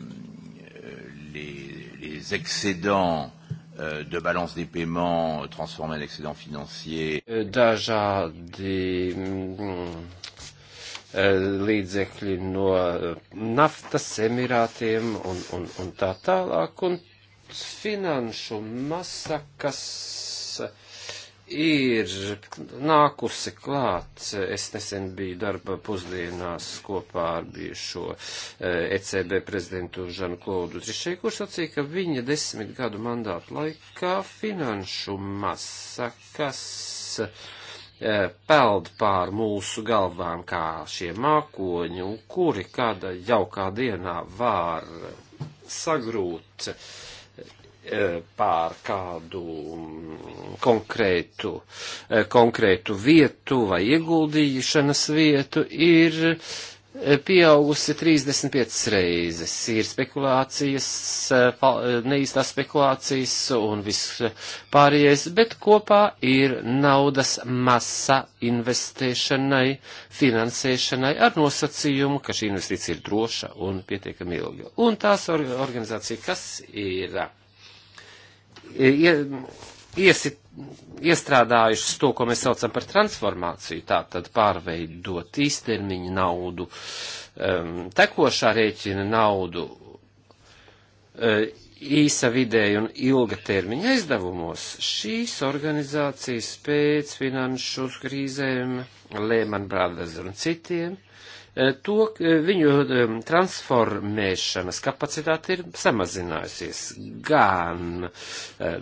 les, les excédents euh, de balance des paiements transformés en excédents financiers. Dažādi mm, līdzekļi no eh, naftas emirātiem un, un, un tā tālāk, un finanšu masa, kas ir nākusi klāt. Es nesen biju darba pusdienās kopā ar bijušo ECB eh, e prezidentu Žanu Klodu Trišē, kurš sacīja, ka viņa desmit gadu mandātu laikā finanšu masa, kas Eh, peld pār mūsu galvām kā šie mākoņi, kuri kāda jaukā dienā var sagrūt eh, pār kādu konkrētu, eh, konkrētu vietu vai ieguldīšanas vietu, ir pieaugusi 35 reizes. Ir spekulācijas, e, e, neīstās spekulācijas un viss pārējais, bet kopā ir naudas masa investēšanai, finansēšanai ar nosacījumu, ka šī investīcija ir droša un pietiekami ilga. Un tās organizācija, kas ir e, iesit iestrādājušas to, ko mēs saucam par transformāciju, tātad pārveidot īstermiņa naudu, um, tekošā rēķina naudu, uh, īsa vidēja un ilga termiņa aizdevumos. Šīs organizācijas pēc finanšu krīzēm, Lehman Brothers un citiem, uh, Eh, to eh, viņu eh, transformēšanas kapacitāte ir samazinājusies gan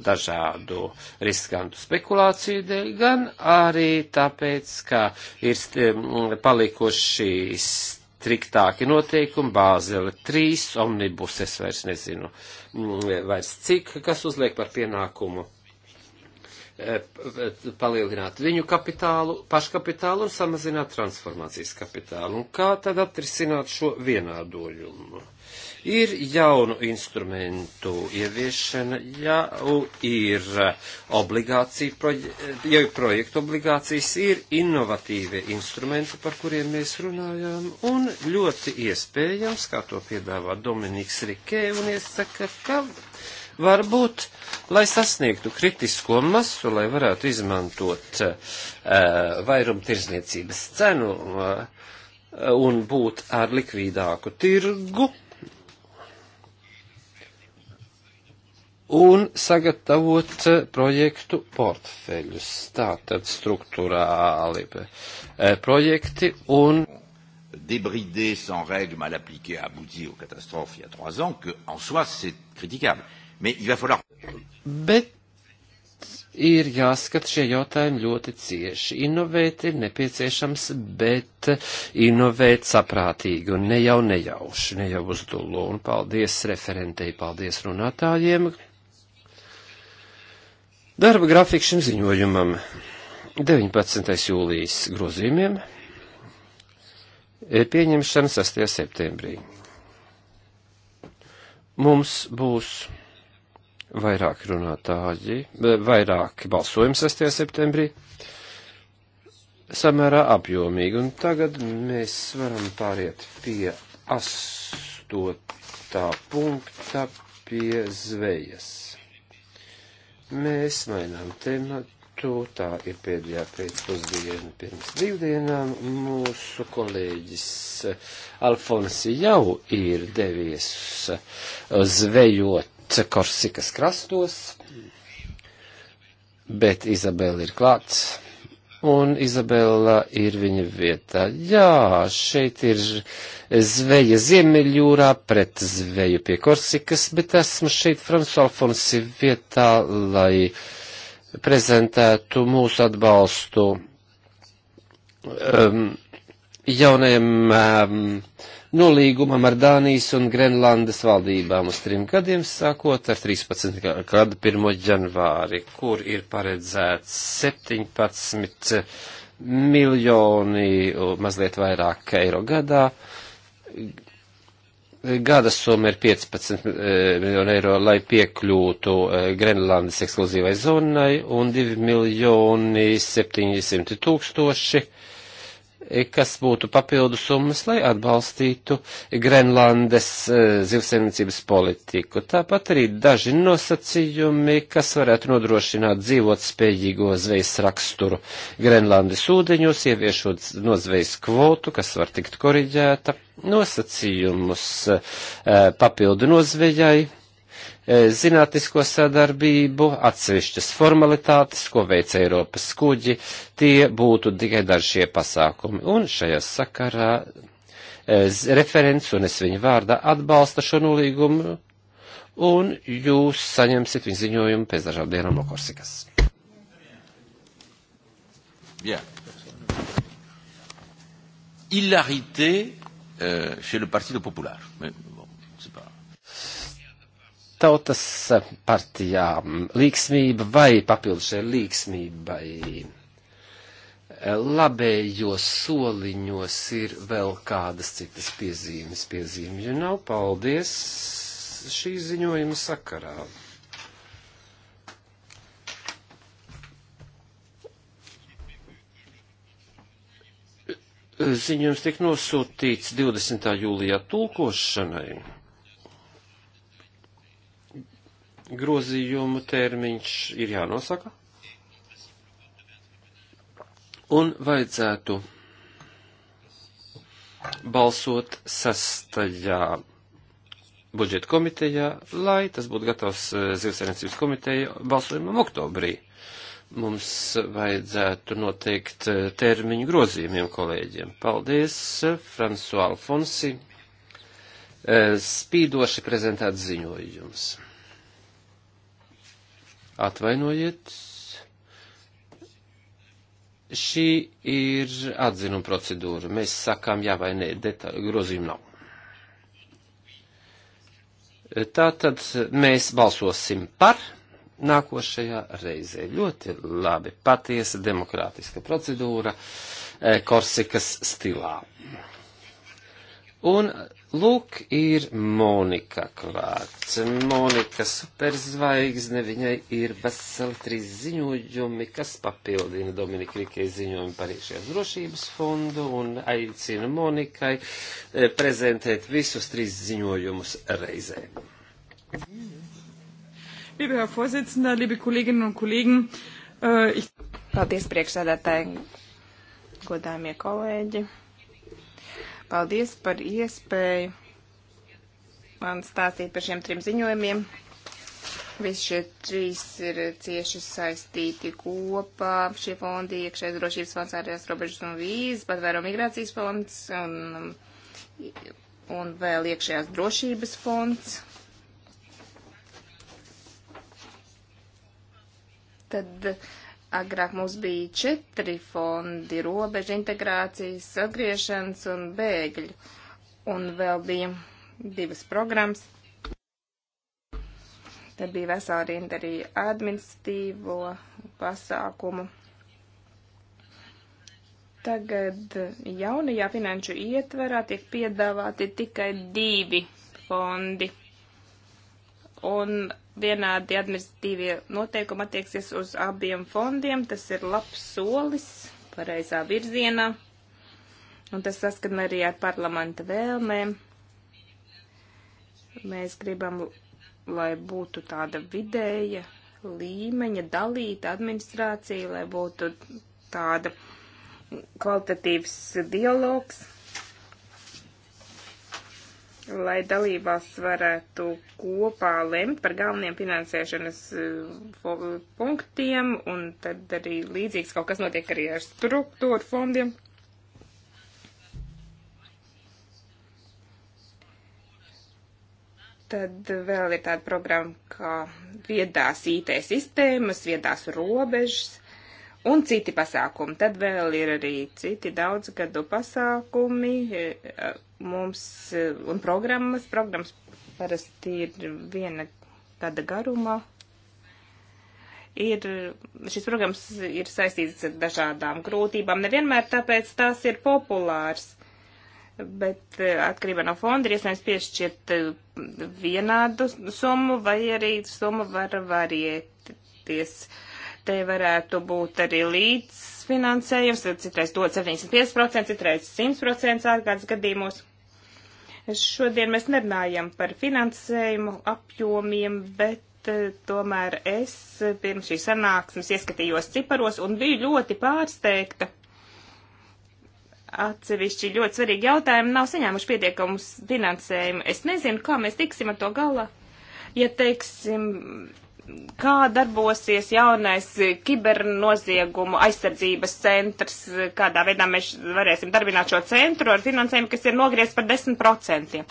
dažādu riskantu spekulāciju dēļ, gan arī tāpēc, ka ir palikuši striktāki noteikumi, bāzele 3, omnibus, es vairs nezinu, vairs cik, kas uzliek par pienākumu Eh, palielināt viņu kapitālu, paškapitālu un samazināt transformācijas kapitālu. Un kā tad atrisināt šo vienādoļumu? Ir jaunu instrumentu ieviešana, jau ir obligācija, proje, jau ir projektu obligācijas, ir innovatīvie instrumenti, par kuriem mēs runājām, un ļoti iespējams, kā to piedāvā Dominiks Rikē, un iesaka, ka Varbūt, lai sasniegtu kritisko masu, lai varētu izmantot uh, eh, vairumtirzniecības cenu uh, un būt ar likvīdāku tirgu un sagatavot eh, projektu portfeļus, tātad struktūrāli projekti un débridé sans règles mal appliquées a abouti aux catastrophes il y a trois ans, que en soi c'est critiquable. Bet ir jāskata šie jautājumi ļoti cieši. Inovēt ir nepieciešams, bet inovēt saprātīgi un ne jau nejauši, ne jau uz dulu. Un paldies referentei, paldies runātājiem. Darba grafiks šim ziņojumam 19. jūlijas grozījumiem pieņemšana 6. septembrī. Mums būs vairāk runātāji, vairāk balsojumi 6. septembrī, samērā apjomīgi, un tagad mēs varam pāriet pie 8. punkta pie zvejas. Mēs mainām tematu, tā ir pēdējā pēcpusdiena pirms divdienām. Mūsu kolēģis eh, Alfonsi jau ir devies eh, zvejot pat Korsikas krastos, bet Izabela ir klāts. Un Izabela ir viņa vietā. Jā, šeit ir zveja Ziemeļjūrā pret zveju pie Korsikas, bet esmu šeit Fransu Alfonsi vietā, lai prezentētu mūsu atbalstu um, jaunajam um, nolīgumam ar Dānijas un Grenlandes valdībām uz trim gadiem, sākot ar 13. gada 1. janvāri, kur ir paredzēts 17 miljoni, mazliet vairāk eiro gadā. Gada summa ir 15 e, miljoni eiro, lai piekļūtu e, Grenlandes ekskluzīvai zonai, un 2 miljoni 700 tūkstoši kas būtu papildu summas, lai atbalstītu Grenlandes e, zivsaimniecības politiku. Tāpat arī daži nosacījumi, kas varētu nodrošināt dzīvot spējīgo zvejas raksturu Grenlandes ūdeņos, ieviešot nozvejas kvotu, kas var tikt koriģēta, nosacījumus e, papildu nozvejai E, zinātnisko sadarbību, atsevišķas formalitātes, ko veic Eiropas kuģi, tie būtu tikai daži šie pasākumi. Un šajā sakarā es, referents, un es viņu vārdā atbalsta šo nolīgumu, un jūs saņemsiet viņu ziņojumu pēc dažām dienām no Korsikas. Yeah. Hilarité euh, chez le Parti populaire. Mais tautas partijām līksmība vai papildus šai līksmībai labējos soliņos ir vēl kādas citas piezīmes. Piezīmju nav. Paldies šī ziņojuma sakarā. Ziņojums tika nosūtīts 20. jūlijā tulkošanai grozījumu termiņš ir jānosaka. Un vajadzētu balsot sastajā budžeta komitejā, lai tas būtu gatavs eh, zivsarniecības komiteja balsojumam oktobrī. Mums vajadzētu noteikt eh, termiņu grozījumiem kolēģiem. Paldies, Fransu Alfonsi. Eh, spīdoši prezentēts ziņojums. Atvainojiet. Šī ir atzinuma procedūra. Mēs sakām jā vai nē, detaļu grozījumu nav. Tātad mēs balsosim par nākošajā reizē. Ļoti labi, patiesa demokrātiska procedūra eh, Korsikas stilā. Un Lūk, ir Monika klāts. Monika superzvaigzne, viņai ir veseli trīs ziņojumi, kas papildina Dominika Rikai ziņojumu par iekšējās drošības fondu un aicinu Monikai eh, prezentēt visus trīs ziņojumus reizē. Liebe Herr Vorsitzender, liebe Kolleginnen un Kollegen, uh, ich... Paldies priekšsēdētāji, godājumie kolēģi. Paldies par iespēju man stāstīt par šiem trim ziņojumiem. Visi šie trīs ir cieši saistīti kopā. Šie fondi, iekšējais drošības fonds, ārējās robežas un vīzes, patvēro migrācijas fonds un, un vēl iekšējās drošības fonds. Tad uh, Agrāk mums bija četri fondi - robeža integrācijas, atgriešanas un bēgļu. Un vēl bija divas programmas. Tad bija vesela rinda arī administratīvo pasākumu. Tagad jaunajā finanšu ietverā tiek piedāvāti tikai divi fondi. Un vienādi administratīvie noteikumi attieksies uz abiem fondiem. Tas ir labs solis pareizā virzienā, un tas saskan arī ar parlamenta vēlmēm. Mēs gribam, lai būtu tāda vidēja līmeņa dalīta administrācija, lai būtu tāda kvalitatīvs dialogs lai dalībās varētu kopā lemt par galveniem finansēšanas eh, punktiem, un tad arī līdzīgs kaut kas notiek arī ar struktūru fondiem. Tad vēl ir tāda programma kā viedās IT sistēmas, viedās robežas. Un citi pasākumi. Tad vēl ir arī citi daudzgadu pasākumi e, mums e, un programmas. Programmas parasti ir viena gada garumā. Ir, šis programmas ir saistīts ar dažādām grūtībām. Nevienmēr tāpēc tās ir populārs bet e, atkarībā no fonda ir iespējams piešķirt vienādu summu vai arī summa var variēties. Te varētu būt arī līdzfinansējums, tad citreiz dod 75%, citreiz 100% ārkārtas gadījumos. Šodien mēs nerunājam par finansējumu apjomiem, bet eh, tomēr es pirms šīs sanāksmes ieskatījos ciparos un biju ļoti pārsteigta. Atsevišķi ļoti svarīgi jautājumi nav saņēmuši pietiekamus finansējumu. Es nezinu, kā mēs tiksim ar to galā ja, teiksim, kā darbosies jaunais kibernoziegumu aizsardzības centrs, kādā veidā mēs varēsim darbināt šo centru ar finansējumu, kas ir nogriezts par 10%.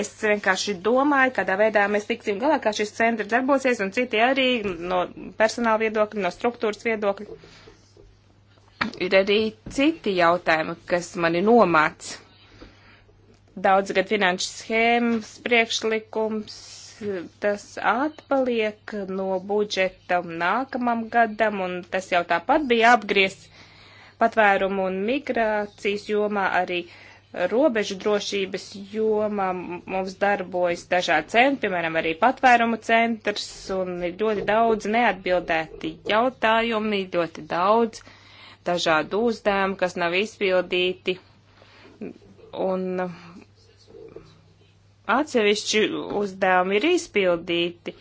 Es vienkārši domāju, kādā veidā mēs tiksim galā, kā šis centrs darbosies, un citi arī no personāla viedokļa, no struktūras viedokļa. Ir arī citi jautājumi, kas mani nomāca. Daudzgad finanšu schēmas priekšlikums tas atpaliek no budžeta nākamam gadam, un tas jau tāpat bija apgriezt patvērumu un migrācijas jomā arī robežu drošības jomā mums darbojas dažādi centri, piemēram, arī patvērumu centrs, un ir ļoti daudz neatbildēti jautājumi, ļoti daudz dažādu uzdevumu, kas nav izpildīti. Un atsevišķi uzdevumi ir izpildīti,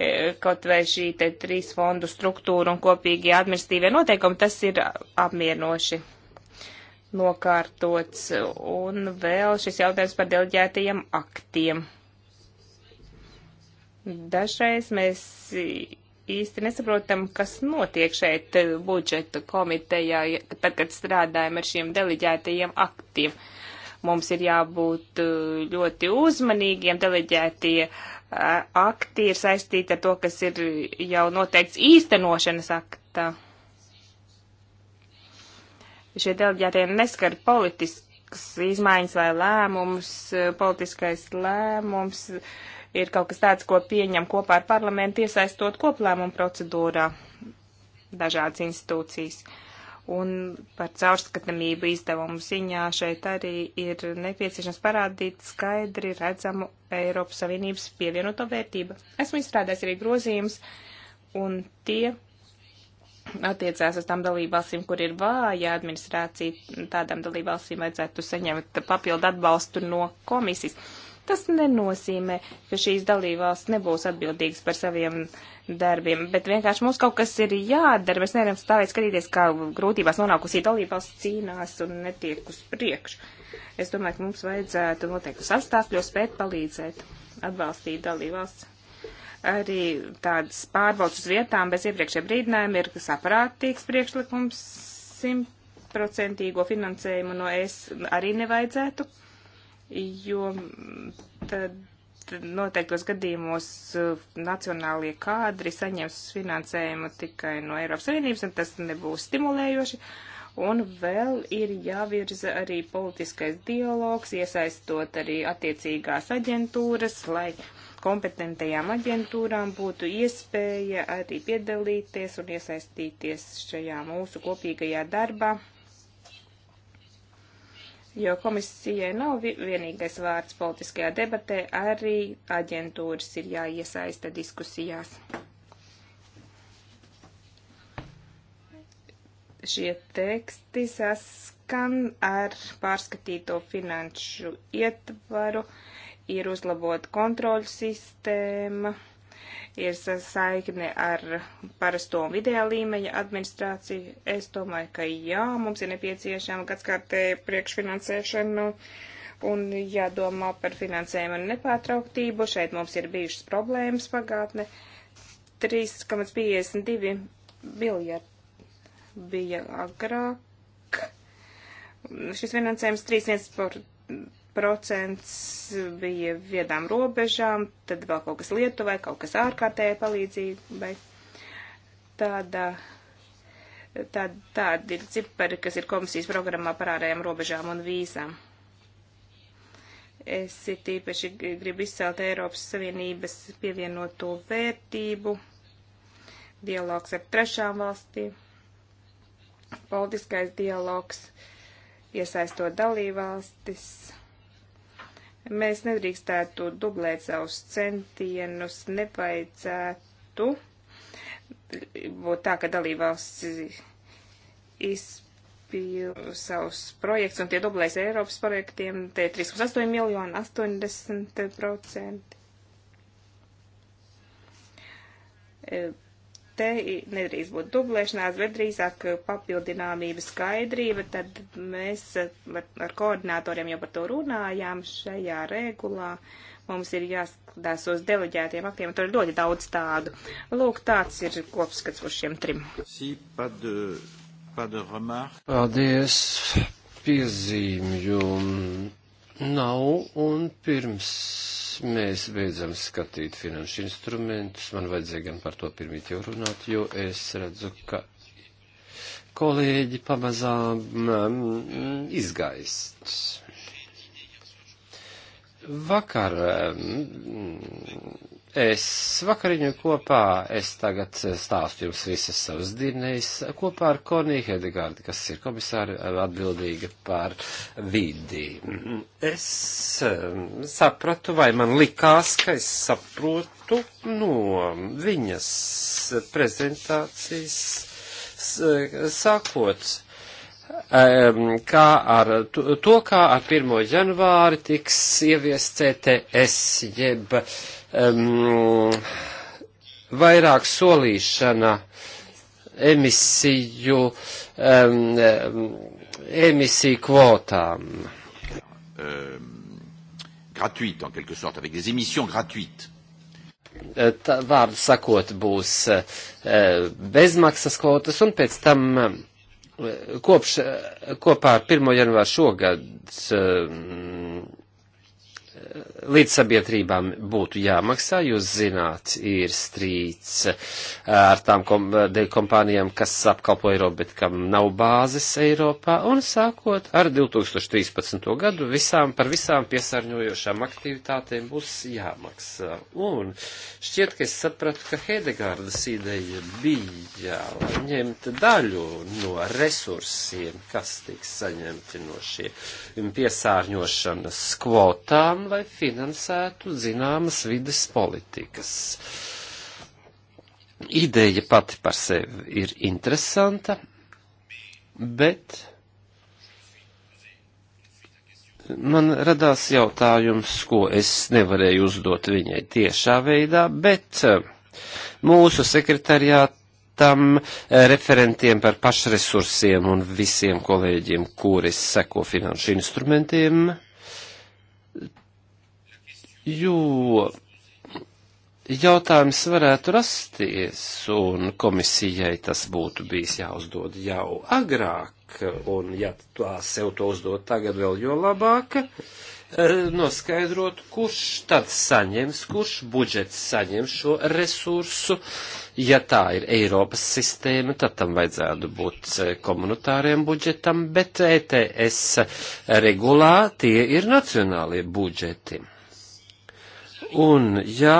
e, kaut vai šī te trīs fondu struktūra un kopīgie administratīvie noteikumi, tas ir apmierinoši nokārtots. Un vēl šis jautājums par deleģētajiem aktiem. Dažreiz mēs īsti nesaprotam, kas notiek šeit budžeta komitejā, tad, kad strādājam ar šiem deleģētajiem aktiem. Uh, Mums ir jābūt uh, ļoti uzmanīgiem, deleģētie uh, akti ir saistīti ar to, kas ir jau noteikts īstenošanas akta. Šie deleģētie neskar politiskas izmaiņas vai lēmumus, uh, politiskais lēmums ir kaut kas tāds, ko pieņem kopā ar parlamentu, iesaistot koplēmumu procedūrā dažādas institūcijas. Uh, Un par caurskatamību izdevumu ziņā šeit arī ir nepieciešams parādīt skaidri redzamu Eiropas Savienības pievienoto vērtību. Esmu izstrādājis arī grozījums, un tie attiecās uz tām dalībvalstīm, kur ir vāja administrācija, tādām dalībvalstīm vajadzētu saņemt papildu atbalstu no komisijas. Tas nenozīmē, ka šīs dalībvalsts nebūs atbildīgas par saviem darbiem, bet vienkārši mums kaut kas ir jādara. Mēs nevaram stāvēt skatīties, kā grūtībās nonākusī dalībvalsts cīnās un netiek uz priekšu. Es domāju, ka mums vajadzētu noteikti apstākļos spēt palīdzēt atbalstīt dalībvalsts. Arī tādas pārbaudas uz vietām bez iepriekšējiem brīdinājumiem ir saprātīgs priekšlikums simtprocentīgo finansējumu no es arī nevajadzētu, jo tad noteiktos gadījumos eh, nacionālie kādri saņems finansējumu tikai no Eiropas Savienības, un tas nebūs stimulējoši. Un vēl ir jāvirza arī politiskais dialogs, iesaistot arī attiecīgās aģentūras, lai kompetentajām aģentūrām būtu iespēja arī piedalīties un iesaistīties šajā mūsu kopīgajā darbā jo komisijai nav vienīgais vārds politiskajā debatē, arī aģentūras ir jāiesaista diskusijās. Šie teksti saskan ar pārskatīto finanšu ietvaru, ir uzlabota kontroļu sistēma ir saikne ar parasto un vidējā līmeņa administrāciju. Es domāju, ka jā, mums ir nepieciešama gadskārtēja priekšfinansēšana un jādomā par finansējumu un nepārtrauktību. Šeit mums ir bijušas problēmas pagātne. 3,52 miljardi bija agrāk. Šis finansējums 3,1 par procents bija viedām robežām, tad vēl kaut kas Lietuvai, kaut kas ārkārtējai palīdzībai. Tāda, tā, tāda ir cipari, kas ir komisijas programmā par ārējām robežām un vīzām. Es ir tīpaši gribu izcelt Eiropas Savienības pievienoto vērtību, dialogs ar trešām valstīm, politiskais dialogs, iesaistot dalībvalstis Mēs nedrīkstētu dublēt savus centienus, nevajadzētu būt tā, ka dalībvalsts izpildu savus projektus, un tie dublēs Eiropas projektiem, te 3,8 miljoni, 80% te nedrīkst būt dublēšanās, bet drīzāk eh, papildināmība skaidrība, tad mēs eh, ar, ar koordinātoriem jau par to runājām šajā regulā. Mums ir jāskatās uz deleģētiem aktiem, tur ir ļoti daudz tādu. Lūk, tāds ir kopskats par šiem trim. Paldies, piezīmju nav un pirms mēs beidzam skatīt finanšu instrumentus. Man vajadzēja gan par to pirmīt jau runāt, jo es redzu, ka kolēģi pamazām mm, izgaist. Vakar mm, Es vakariņu kopā, es tagad stāstu jums visas savas dīnējas, kopā ar Koniju Hedegārdi, kas ir komisāri eh, atbildīga par vidi. Es eh, sapratu, vai man likās, ka es saprotu no viņas prezentācijas eh, sākot kā ar to, kā ar 1. janvāri tiks ievies CTS, jeb uh, um, vairāk solīšana emisiju, um, emisiju kvotām. Um, gratuite, en quelque sorte, avec des émissions gratuites eh, tā, vārdu sakot, būs eh, bezmaksas kvotas, un pēc tam eh, kopš, kopā ar 1. janvāru šogad līdz sabiedrībām būtu jāmaksā, jūs zināt, ir strīds eh, ar tām kom, kompānijām, kas apkalpo Eiropu, bet kam nav bāzes Eiropā, un sākot ar 2013. gadu visām par visām piesārņojošām aktivitātēm būs jāmaksā. Un šķiet, ka es sapratu, ka Hedegārdas ideja bija ņemt daļu no resursiem, kas tiks saņemti no šiem piesārņošanas kvotām, lai finansētu zināmas vides politikas. Ideja pati par sevi ir interesanta, bet man radās jautājums, ko es nevarēju uzdot viņai tiešā veidā, bet eh, mūsu sekretariāt tam eh, referentiem par pašresursiem un visiem kolēģiem, kuri seko finanšu instrumentiem jo jautājums varētu rasties, un komisijai tas būtu bijis jāuzdod jau agrāk, un ja tā sev to uzdod tagad vēl jo labāk, eh, noskaidrot, kurš tad saņems, kurš budžets saņems šo resursu. Ja tā ir Eiropas sistēma, tad tam vajadzētu būt eh, komunitāriem budžetam, bet ETS regulā tie ir nacionālie budžeti. Un, ja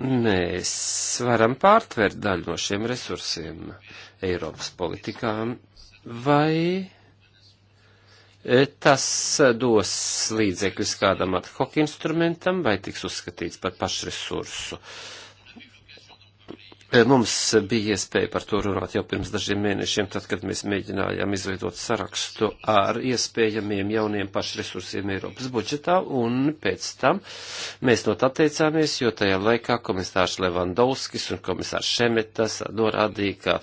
mēs varam pārtvert daļu no šiem resursiem Eiropas politikām, vai e, tas dos līdzekļus kādam ad hoc instrumentam, vai tiks uzskatīts par pašresursu uh, E, mums bija iespēja par to runāt jau pirms dažiem mēnešiem, tad, kad mēs mēģinājām izveidot sarakstu ar iespējamiem jauniem pašresursiem Eiropas budžetā, un pēc tam mēs no tā teicāmies, jo tajā laikā komisārs Levandovskis un komisārs Šemetas norādīja, ka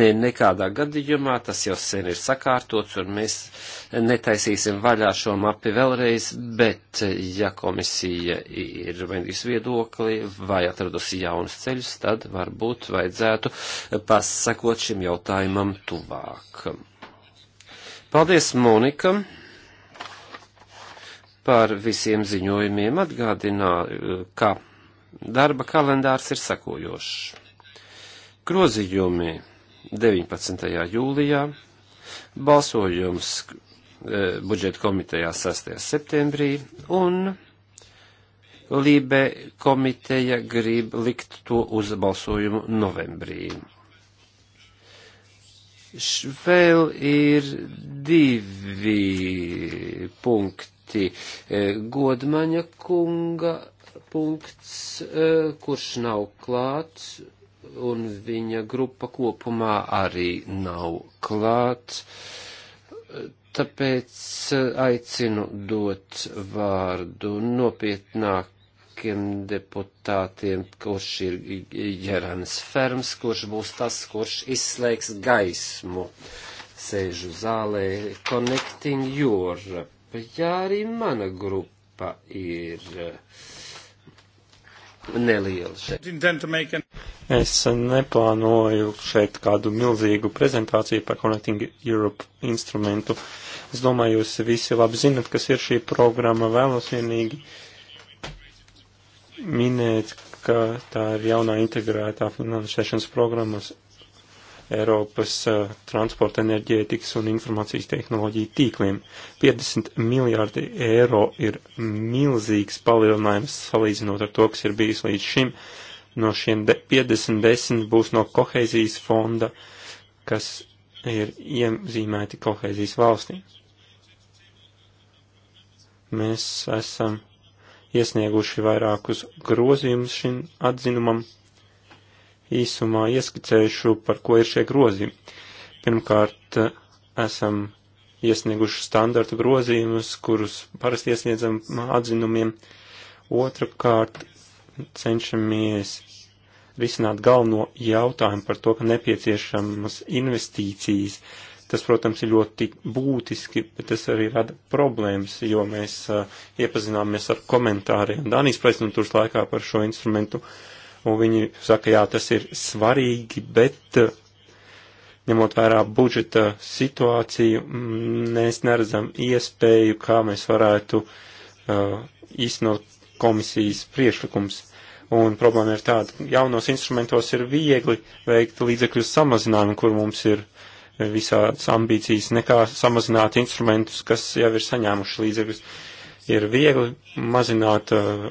ne, nekādā gadījumā tas jau sen ir sakārtots, un mēs netaisīsim vaļā šo mapi vēlreiz, bet ja komisija ir mainījusi viedokli vai atradusi jaunus ceļus, tad varbūt vajadzētu pasakot šim jautājumam tuvāk. Paldies, Monika! Par visiem ziņojumiem atgādināju, ka darba kalendārs ir sakojošs grozījumi 19. jūlijā, balsojums Eh, budžeta komitejā 6. septembrī, un Lībe komiteja grib likt to uz balsojumu novembrī. Vēl ir divi punkti. Eh, Godmaņa kunga punkts, eh, kurš nav klāts, un viņa grupa kopumā arī nav klāts Tāpēc eh, aicinu dot vārdu nopietnākiem deputātiem, kurš ir Gerans Ferms, kurš būs tas, kurš izslēgs gaismu. Sēžu zālē Connecting Europe. Jā, arī mana grupa ir. Uh, neliela šeit. Es neplānoju šeit kādu milzīgu prezentāciju par Connecting Europe instrumentu. Es domāju, jūs visi labi zinat, kas ir šī programma. Vēlos vienīgi minēt, ka tā ir jaunā integrētā finansēšanas programmas Eiropas uh, transporta enerģētikas un informācijas tehnoloģiju tīkliem. 50 miljārdi eiro ir milzīgs palielinājums salīdzinot ar to, kas ir bijis līdz šim. No šiem 50 10 būs no kohēzijas fonda, kas ir iezīmēti kohēzijas valstīm. Mēs esam iesnieguši vairākus grozījumus šim atzinumam īsumā ieskicējušu, par ko ir šie grozījumi. Pirmkārt, esam iesnieguši standartu grozījumus, kurus parasti iesniedzam atzinumiem. Otrakārt, cenšamies risināt galveno jautājumu par to, ka nepieciešamas investīcijas. Tas, protams, ir ļoti būtiski, bet tas arī rada problēmas, jo mēs uh, iepazināmies ar komentāriem Danijas prezidentūras laikā par šo instrumentu. Uh, un viņi saka, jā, tas ir svarīgi, bet eh, ņemot vērā budžeta situāciju, mēs neredzam iespēju, kā mēs varētu uh, iznot komisijas priešlikums. Un problēma ir tāda, jaunos instrumentos ir viegli veikt līdzekļu samazinājumu, kur mums ir visādas ambīcijas, nekā samazināt instrumentus, kas jau ir saņēmuši līdzekļus. Ir viegli mazināt uh,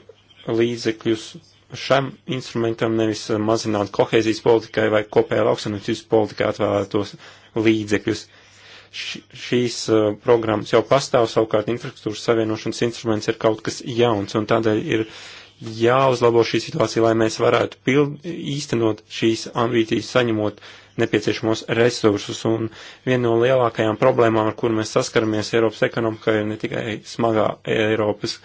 līdzekļus šam instrumentam nevis mazināt kohēzijas politikai vai kopējā lauksanības politikai atvēlētos līdzekļus. Š šīs uh, programmas jau pastāv, savukārt infrastruktūras savienošanas instruments ir kaut kas jauns, un tādēļ ir jāuzlabo šī situācija, lai mēs varētu pild, īstenot šīs ambīcijas, saņemot uh, nepieciešamos resursus. Un viena no lielākajām problēmām, ar kur mēs saskaramies Eiropas ekonomikā, ir ne tikai smagā Eiropas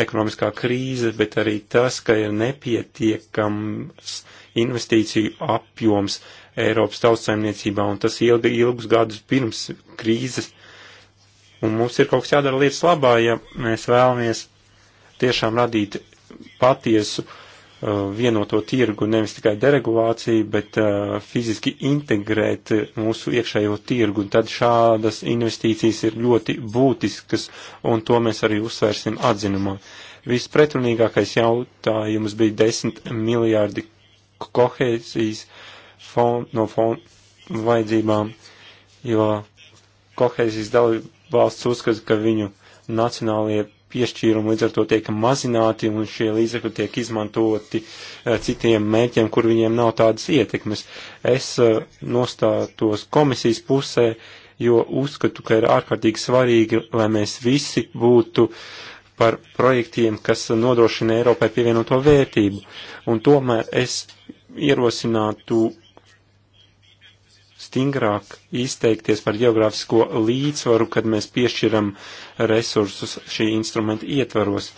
ekonomiskā krīze, bet arī tas, ka ir nepietiekams investīciju apjoms Eiropas tautsaimniecībā, un tas ilgi, ilgus gadus pirms krīzes. Un mums ir kaut kas jādara lietas labā, ja mēs vēlamies tiešām radīt patiesu uh, Uh, vienoto tirgu, nevis tikai deregulāciju, bet uh, fiziski integrēt mūsu iekšējo tirgu. Tad šādas investīcijas ir ļoti būtiskas, un to mēs arī uzsvērsim atzinumā. Vispretrunīgākais jautājums bija 10 miljārdi kohēzijas fond, no fond vajadzībām, jo kohēzijas dalība valsts uzskata, ka viņu nacionālajie piešķīrumi līdz ar to tiek mazināti un šie līdzekļi tiek izmantoti eh, citiem mērķiem, kur viņiem nav tādas ietekmes. Es eh, nostātos komisijas pusē, jo uzskatu, ka ir ārkārtīgi svarīgi, lai mēs visi būtu par projektiem, kas nodrošina Eiropai pievienoto vērtību. Un tomēr es ierosinātu stingrāk izteikties par geogrāfisko līdzsvaru, kad mēs piešķiram resursus šī instrumenta ietvaros.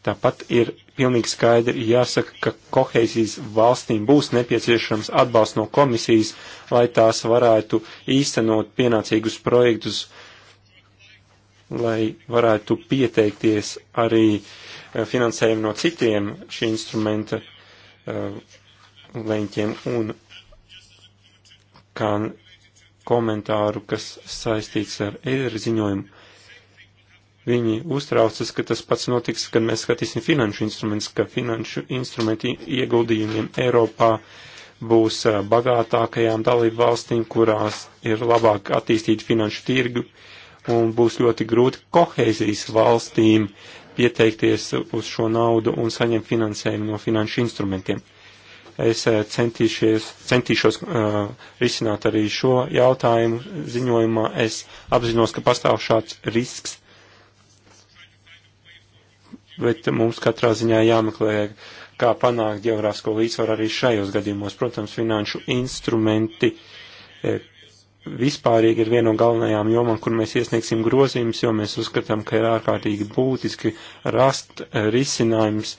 Tāpat ir pilnīgi skaidri jāsaka, ka kohēzijas valstīm būs nepieciešams atbalsts no komisijas, lai tās varētu īstenot pienācīgus projektus, lai varētu pieteikties arī eh, finansējumu no citiem šī instrumenta eh, leņķiem un kā komentāru, kas saistīts ar eidera ziņojumu. Viņi uztraucas, ka tas pats notiks, kad mēs skatīsim finanšu instrumentus, ka finanšu instrumenti ieguldījumiem Eiropā būs bagātākajām dalību valstīm, kurās ir labāk attīstīt finanšu tirgu, un būs ļoti grūti kohēzijas valstīm pieteikties uz šo naudu un saņemt finansējumu no finanšu instrumentiem. Es eh, centīšos uh, risināt arī šo jautājumu ziņojumā. Es apzinos, ka pastāv šāds risks, bet mums katrā ziņā jāmeklē, kā panākt geogrāfisko līdzsvaru arī šajos gadījumos. Protams, finanšu instrumenti eh, vispārīgi ir viena no galvenajām jomām, kur mēs iesniegsim grozījumus, jo mēs uzskatām, ka ir ārkārtīgi būtiski rast risinājums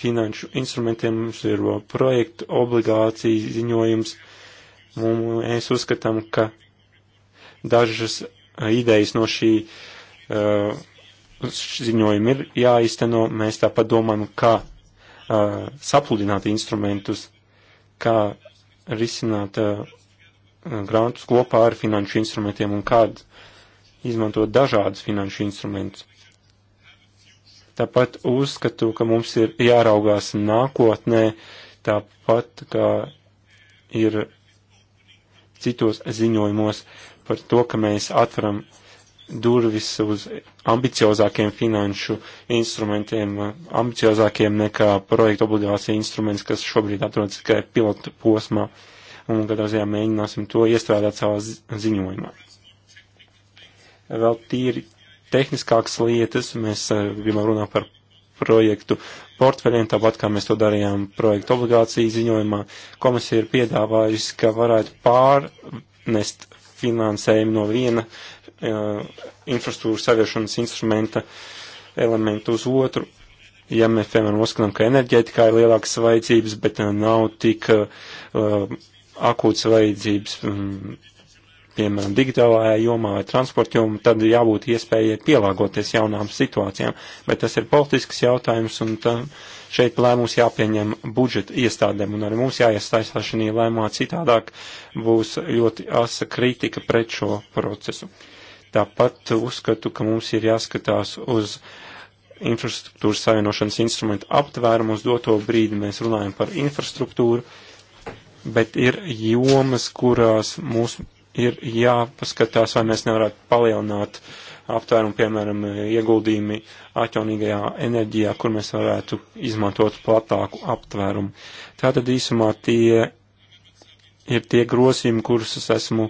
finanšu instrumentiem, mums ir projektu obligācija ziņojums. Mēs uzskatām, ka dažas uh, idejas no šī uh, ziņojuma ir jāizteno. Mēs tāpat domājam, kā uh, sapludināt instrumentus, kā risināt uh, grantus kopā ar finanšu instrumentiem un kādu izmantot dažādus finanšu instrumentus. Tāpat uzskatu, ka mums ir jāraugās nākotnē, tāpat kā ir citos ziņojumos par to, ka mēs atveram durvis uz ambiciozākiem finanšu instrumentiem, ambiciozākiem nekā projekta obligācija instruments, kas šobrīd atrodas tikai pilotu posmā, un katrā ziņā mēģināsim to iestrādāt savā ziņojumā. Vēl tīri tehniskākas lietas, mēs gribam eh, runāt par projektu portfeļiem, tāpat kā mēs to darījām projektu obligāciju ziņojumā. Komisija ir piedāvājusi, ka varētu pārnest finansējumu no viena uh, infrastruktūras saviešanas instrumenta elementu uz otru. Ja mēs, piemēram, uzskatām, ka enerģētikā ir lielākas vajadzības, bet uh, nav tik uh, akūts vajadzības um, piemēram, digitālajā jomā vai transporta jomā, tad jābūt iespējai pielāgoties jaunām situācijām. Bet tas ir politisks jautājums, un tā, šeit lēmums jāpieņem budžeta iestādēm, un arī mums jāiestaisās šī lēmumā citādāk būs ļoti asa kritika pret šo procesu. Tāpat uzskatu, ka mums ir jāskatās uz infrastruktūras savienošanas instrumentu aptvērumu uz doto brīdi. Mēs runājam par infrastruktūru, bet ir jomas, kurās mūsu ir jāpaskatās, vai mēs nevarētu palielināt aptvērumu, piemēram, ieguldījumi atjaunīgajā enerģijā, kur mēs varētu izmantot platāku aptvērumu. Tātad īsumā tie ir tie grosījumi, kurus es esmu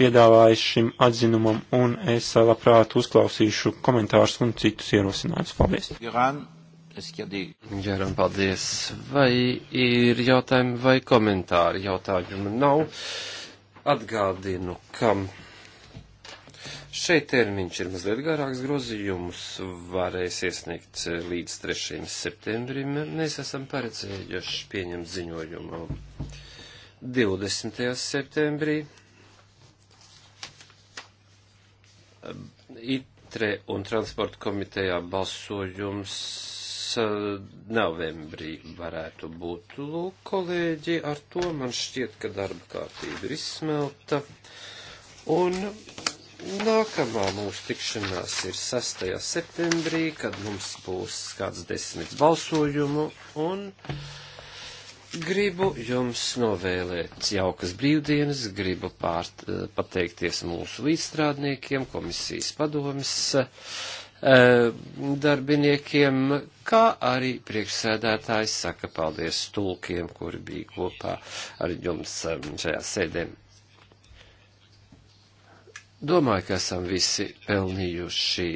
piedāvājis šim atzinumam, un es labprāt uzklausīšu komentārus un citus ierosinājumus. Paldies! Jēram, paldies! Vai ir jautājumi vai komentāri? Jautājumu nav. Atgādinu, ka šeit termiņš ir mazliet garāks grozījumus, varēs iesniegt līdz 3. septembrim. Mēs esam paredzējuši pieņemt ziņojumu 20. septembrī. ITRE un transporta komitejā balsojums Eh, novembrī varētu būt. Lūk, kolēģi, ar to man šķiet, ka darba kārtība ir izsmelta. Un nākamā mūsu tikšanās ir 6. septembrī, kad mums būs kāds desmit balsojumu. Un gribu jums novēlēt jaukas brīvdienas, gribu pārt, eh, pateikties mūsu līdzstrādniekiem, komisijas padomis eh, darbiniekiem, kā arī priekšsēdētājs saka paldies tulkiem, kuri bija kopā ar jums um, šajā sēdē. Domāju, ka esam visi pelnījuši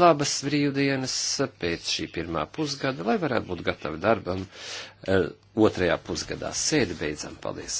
labas brīvdienas pēc šī pirmā pusgada, lai varētu būt gatavi darbam uh, otrajā pusgadā. Sēdi beidzam, paldies!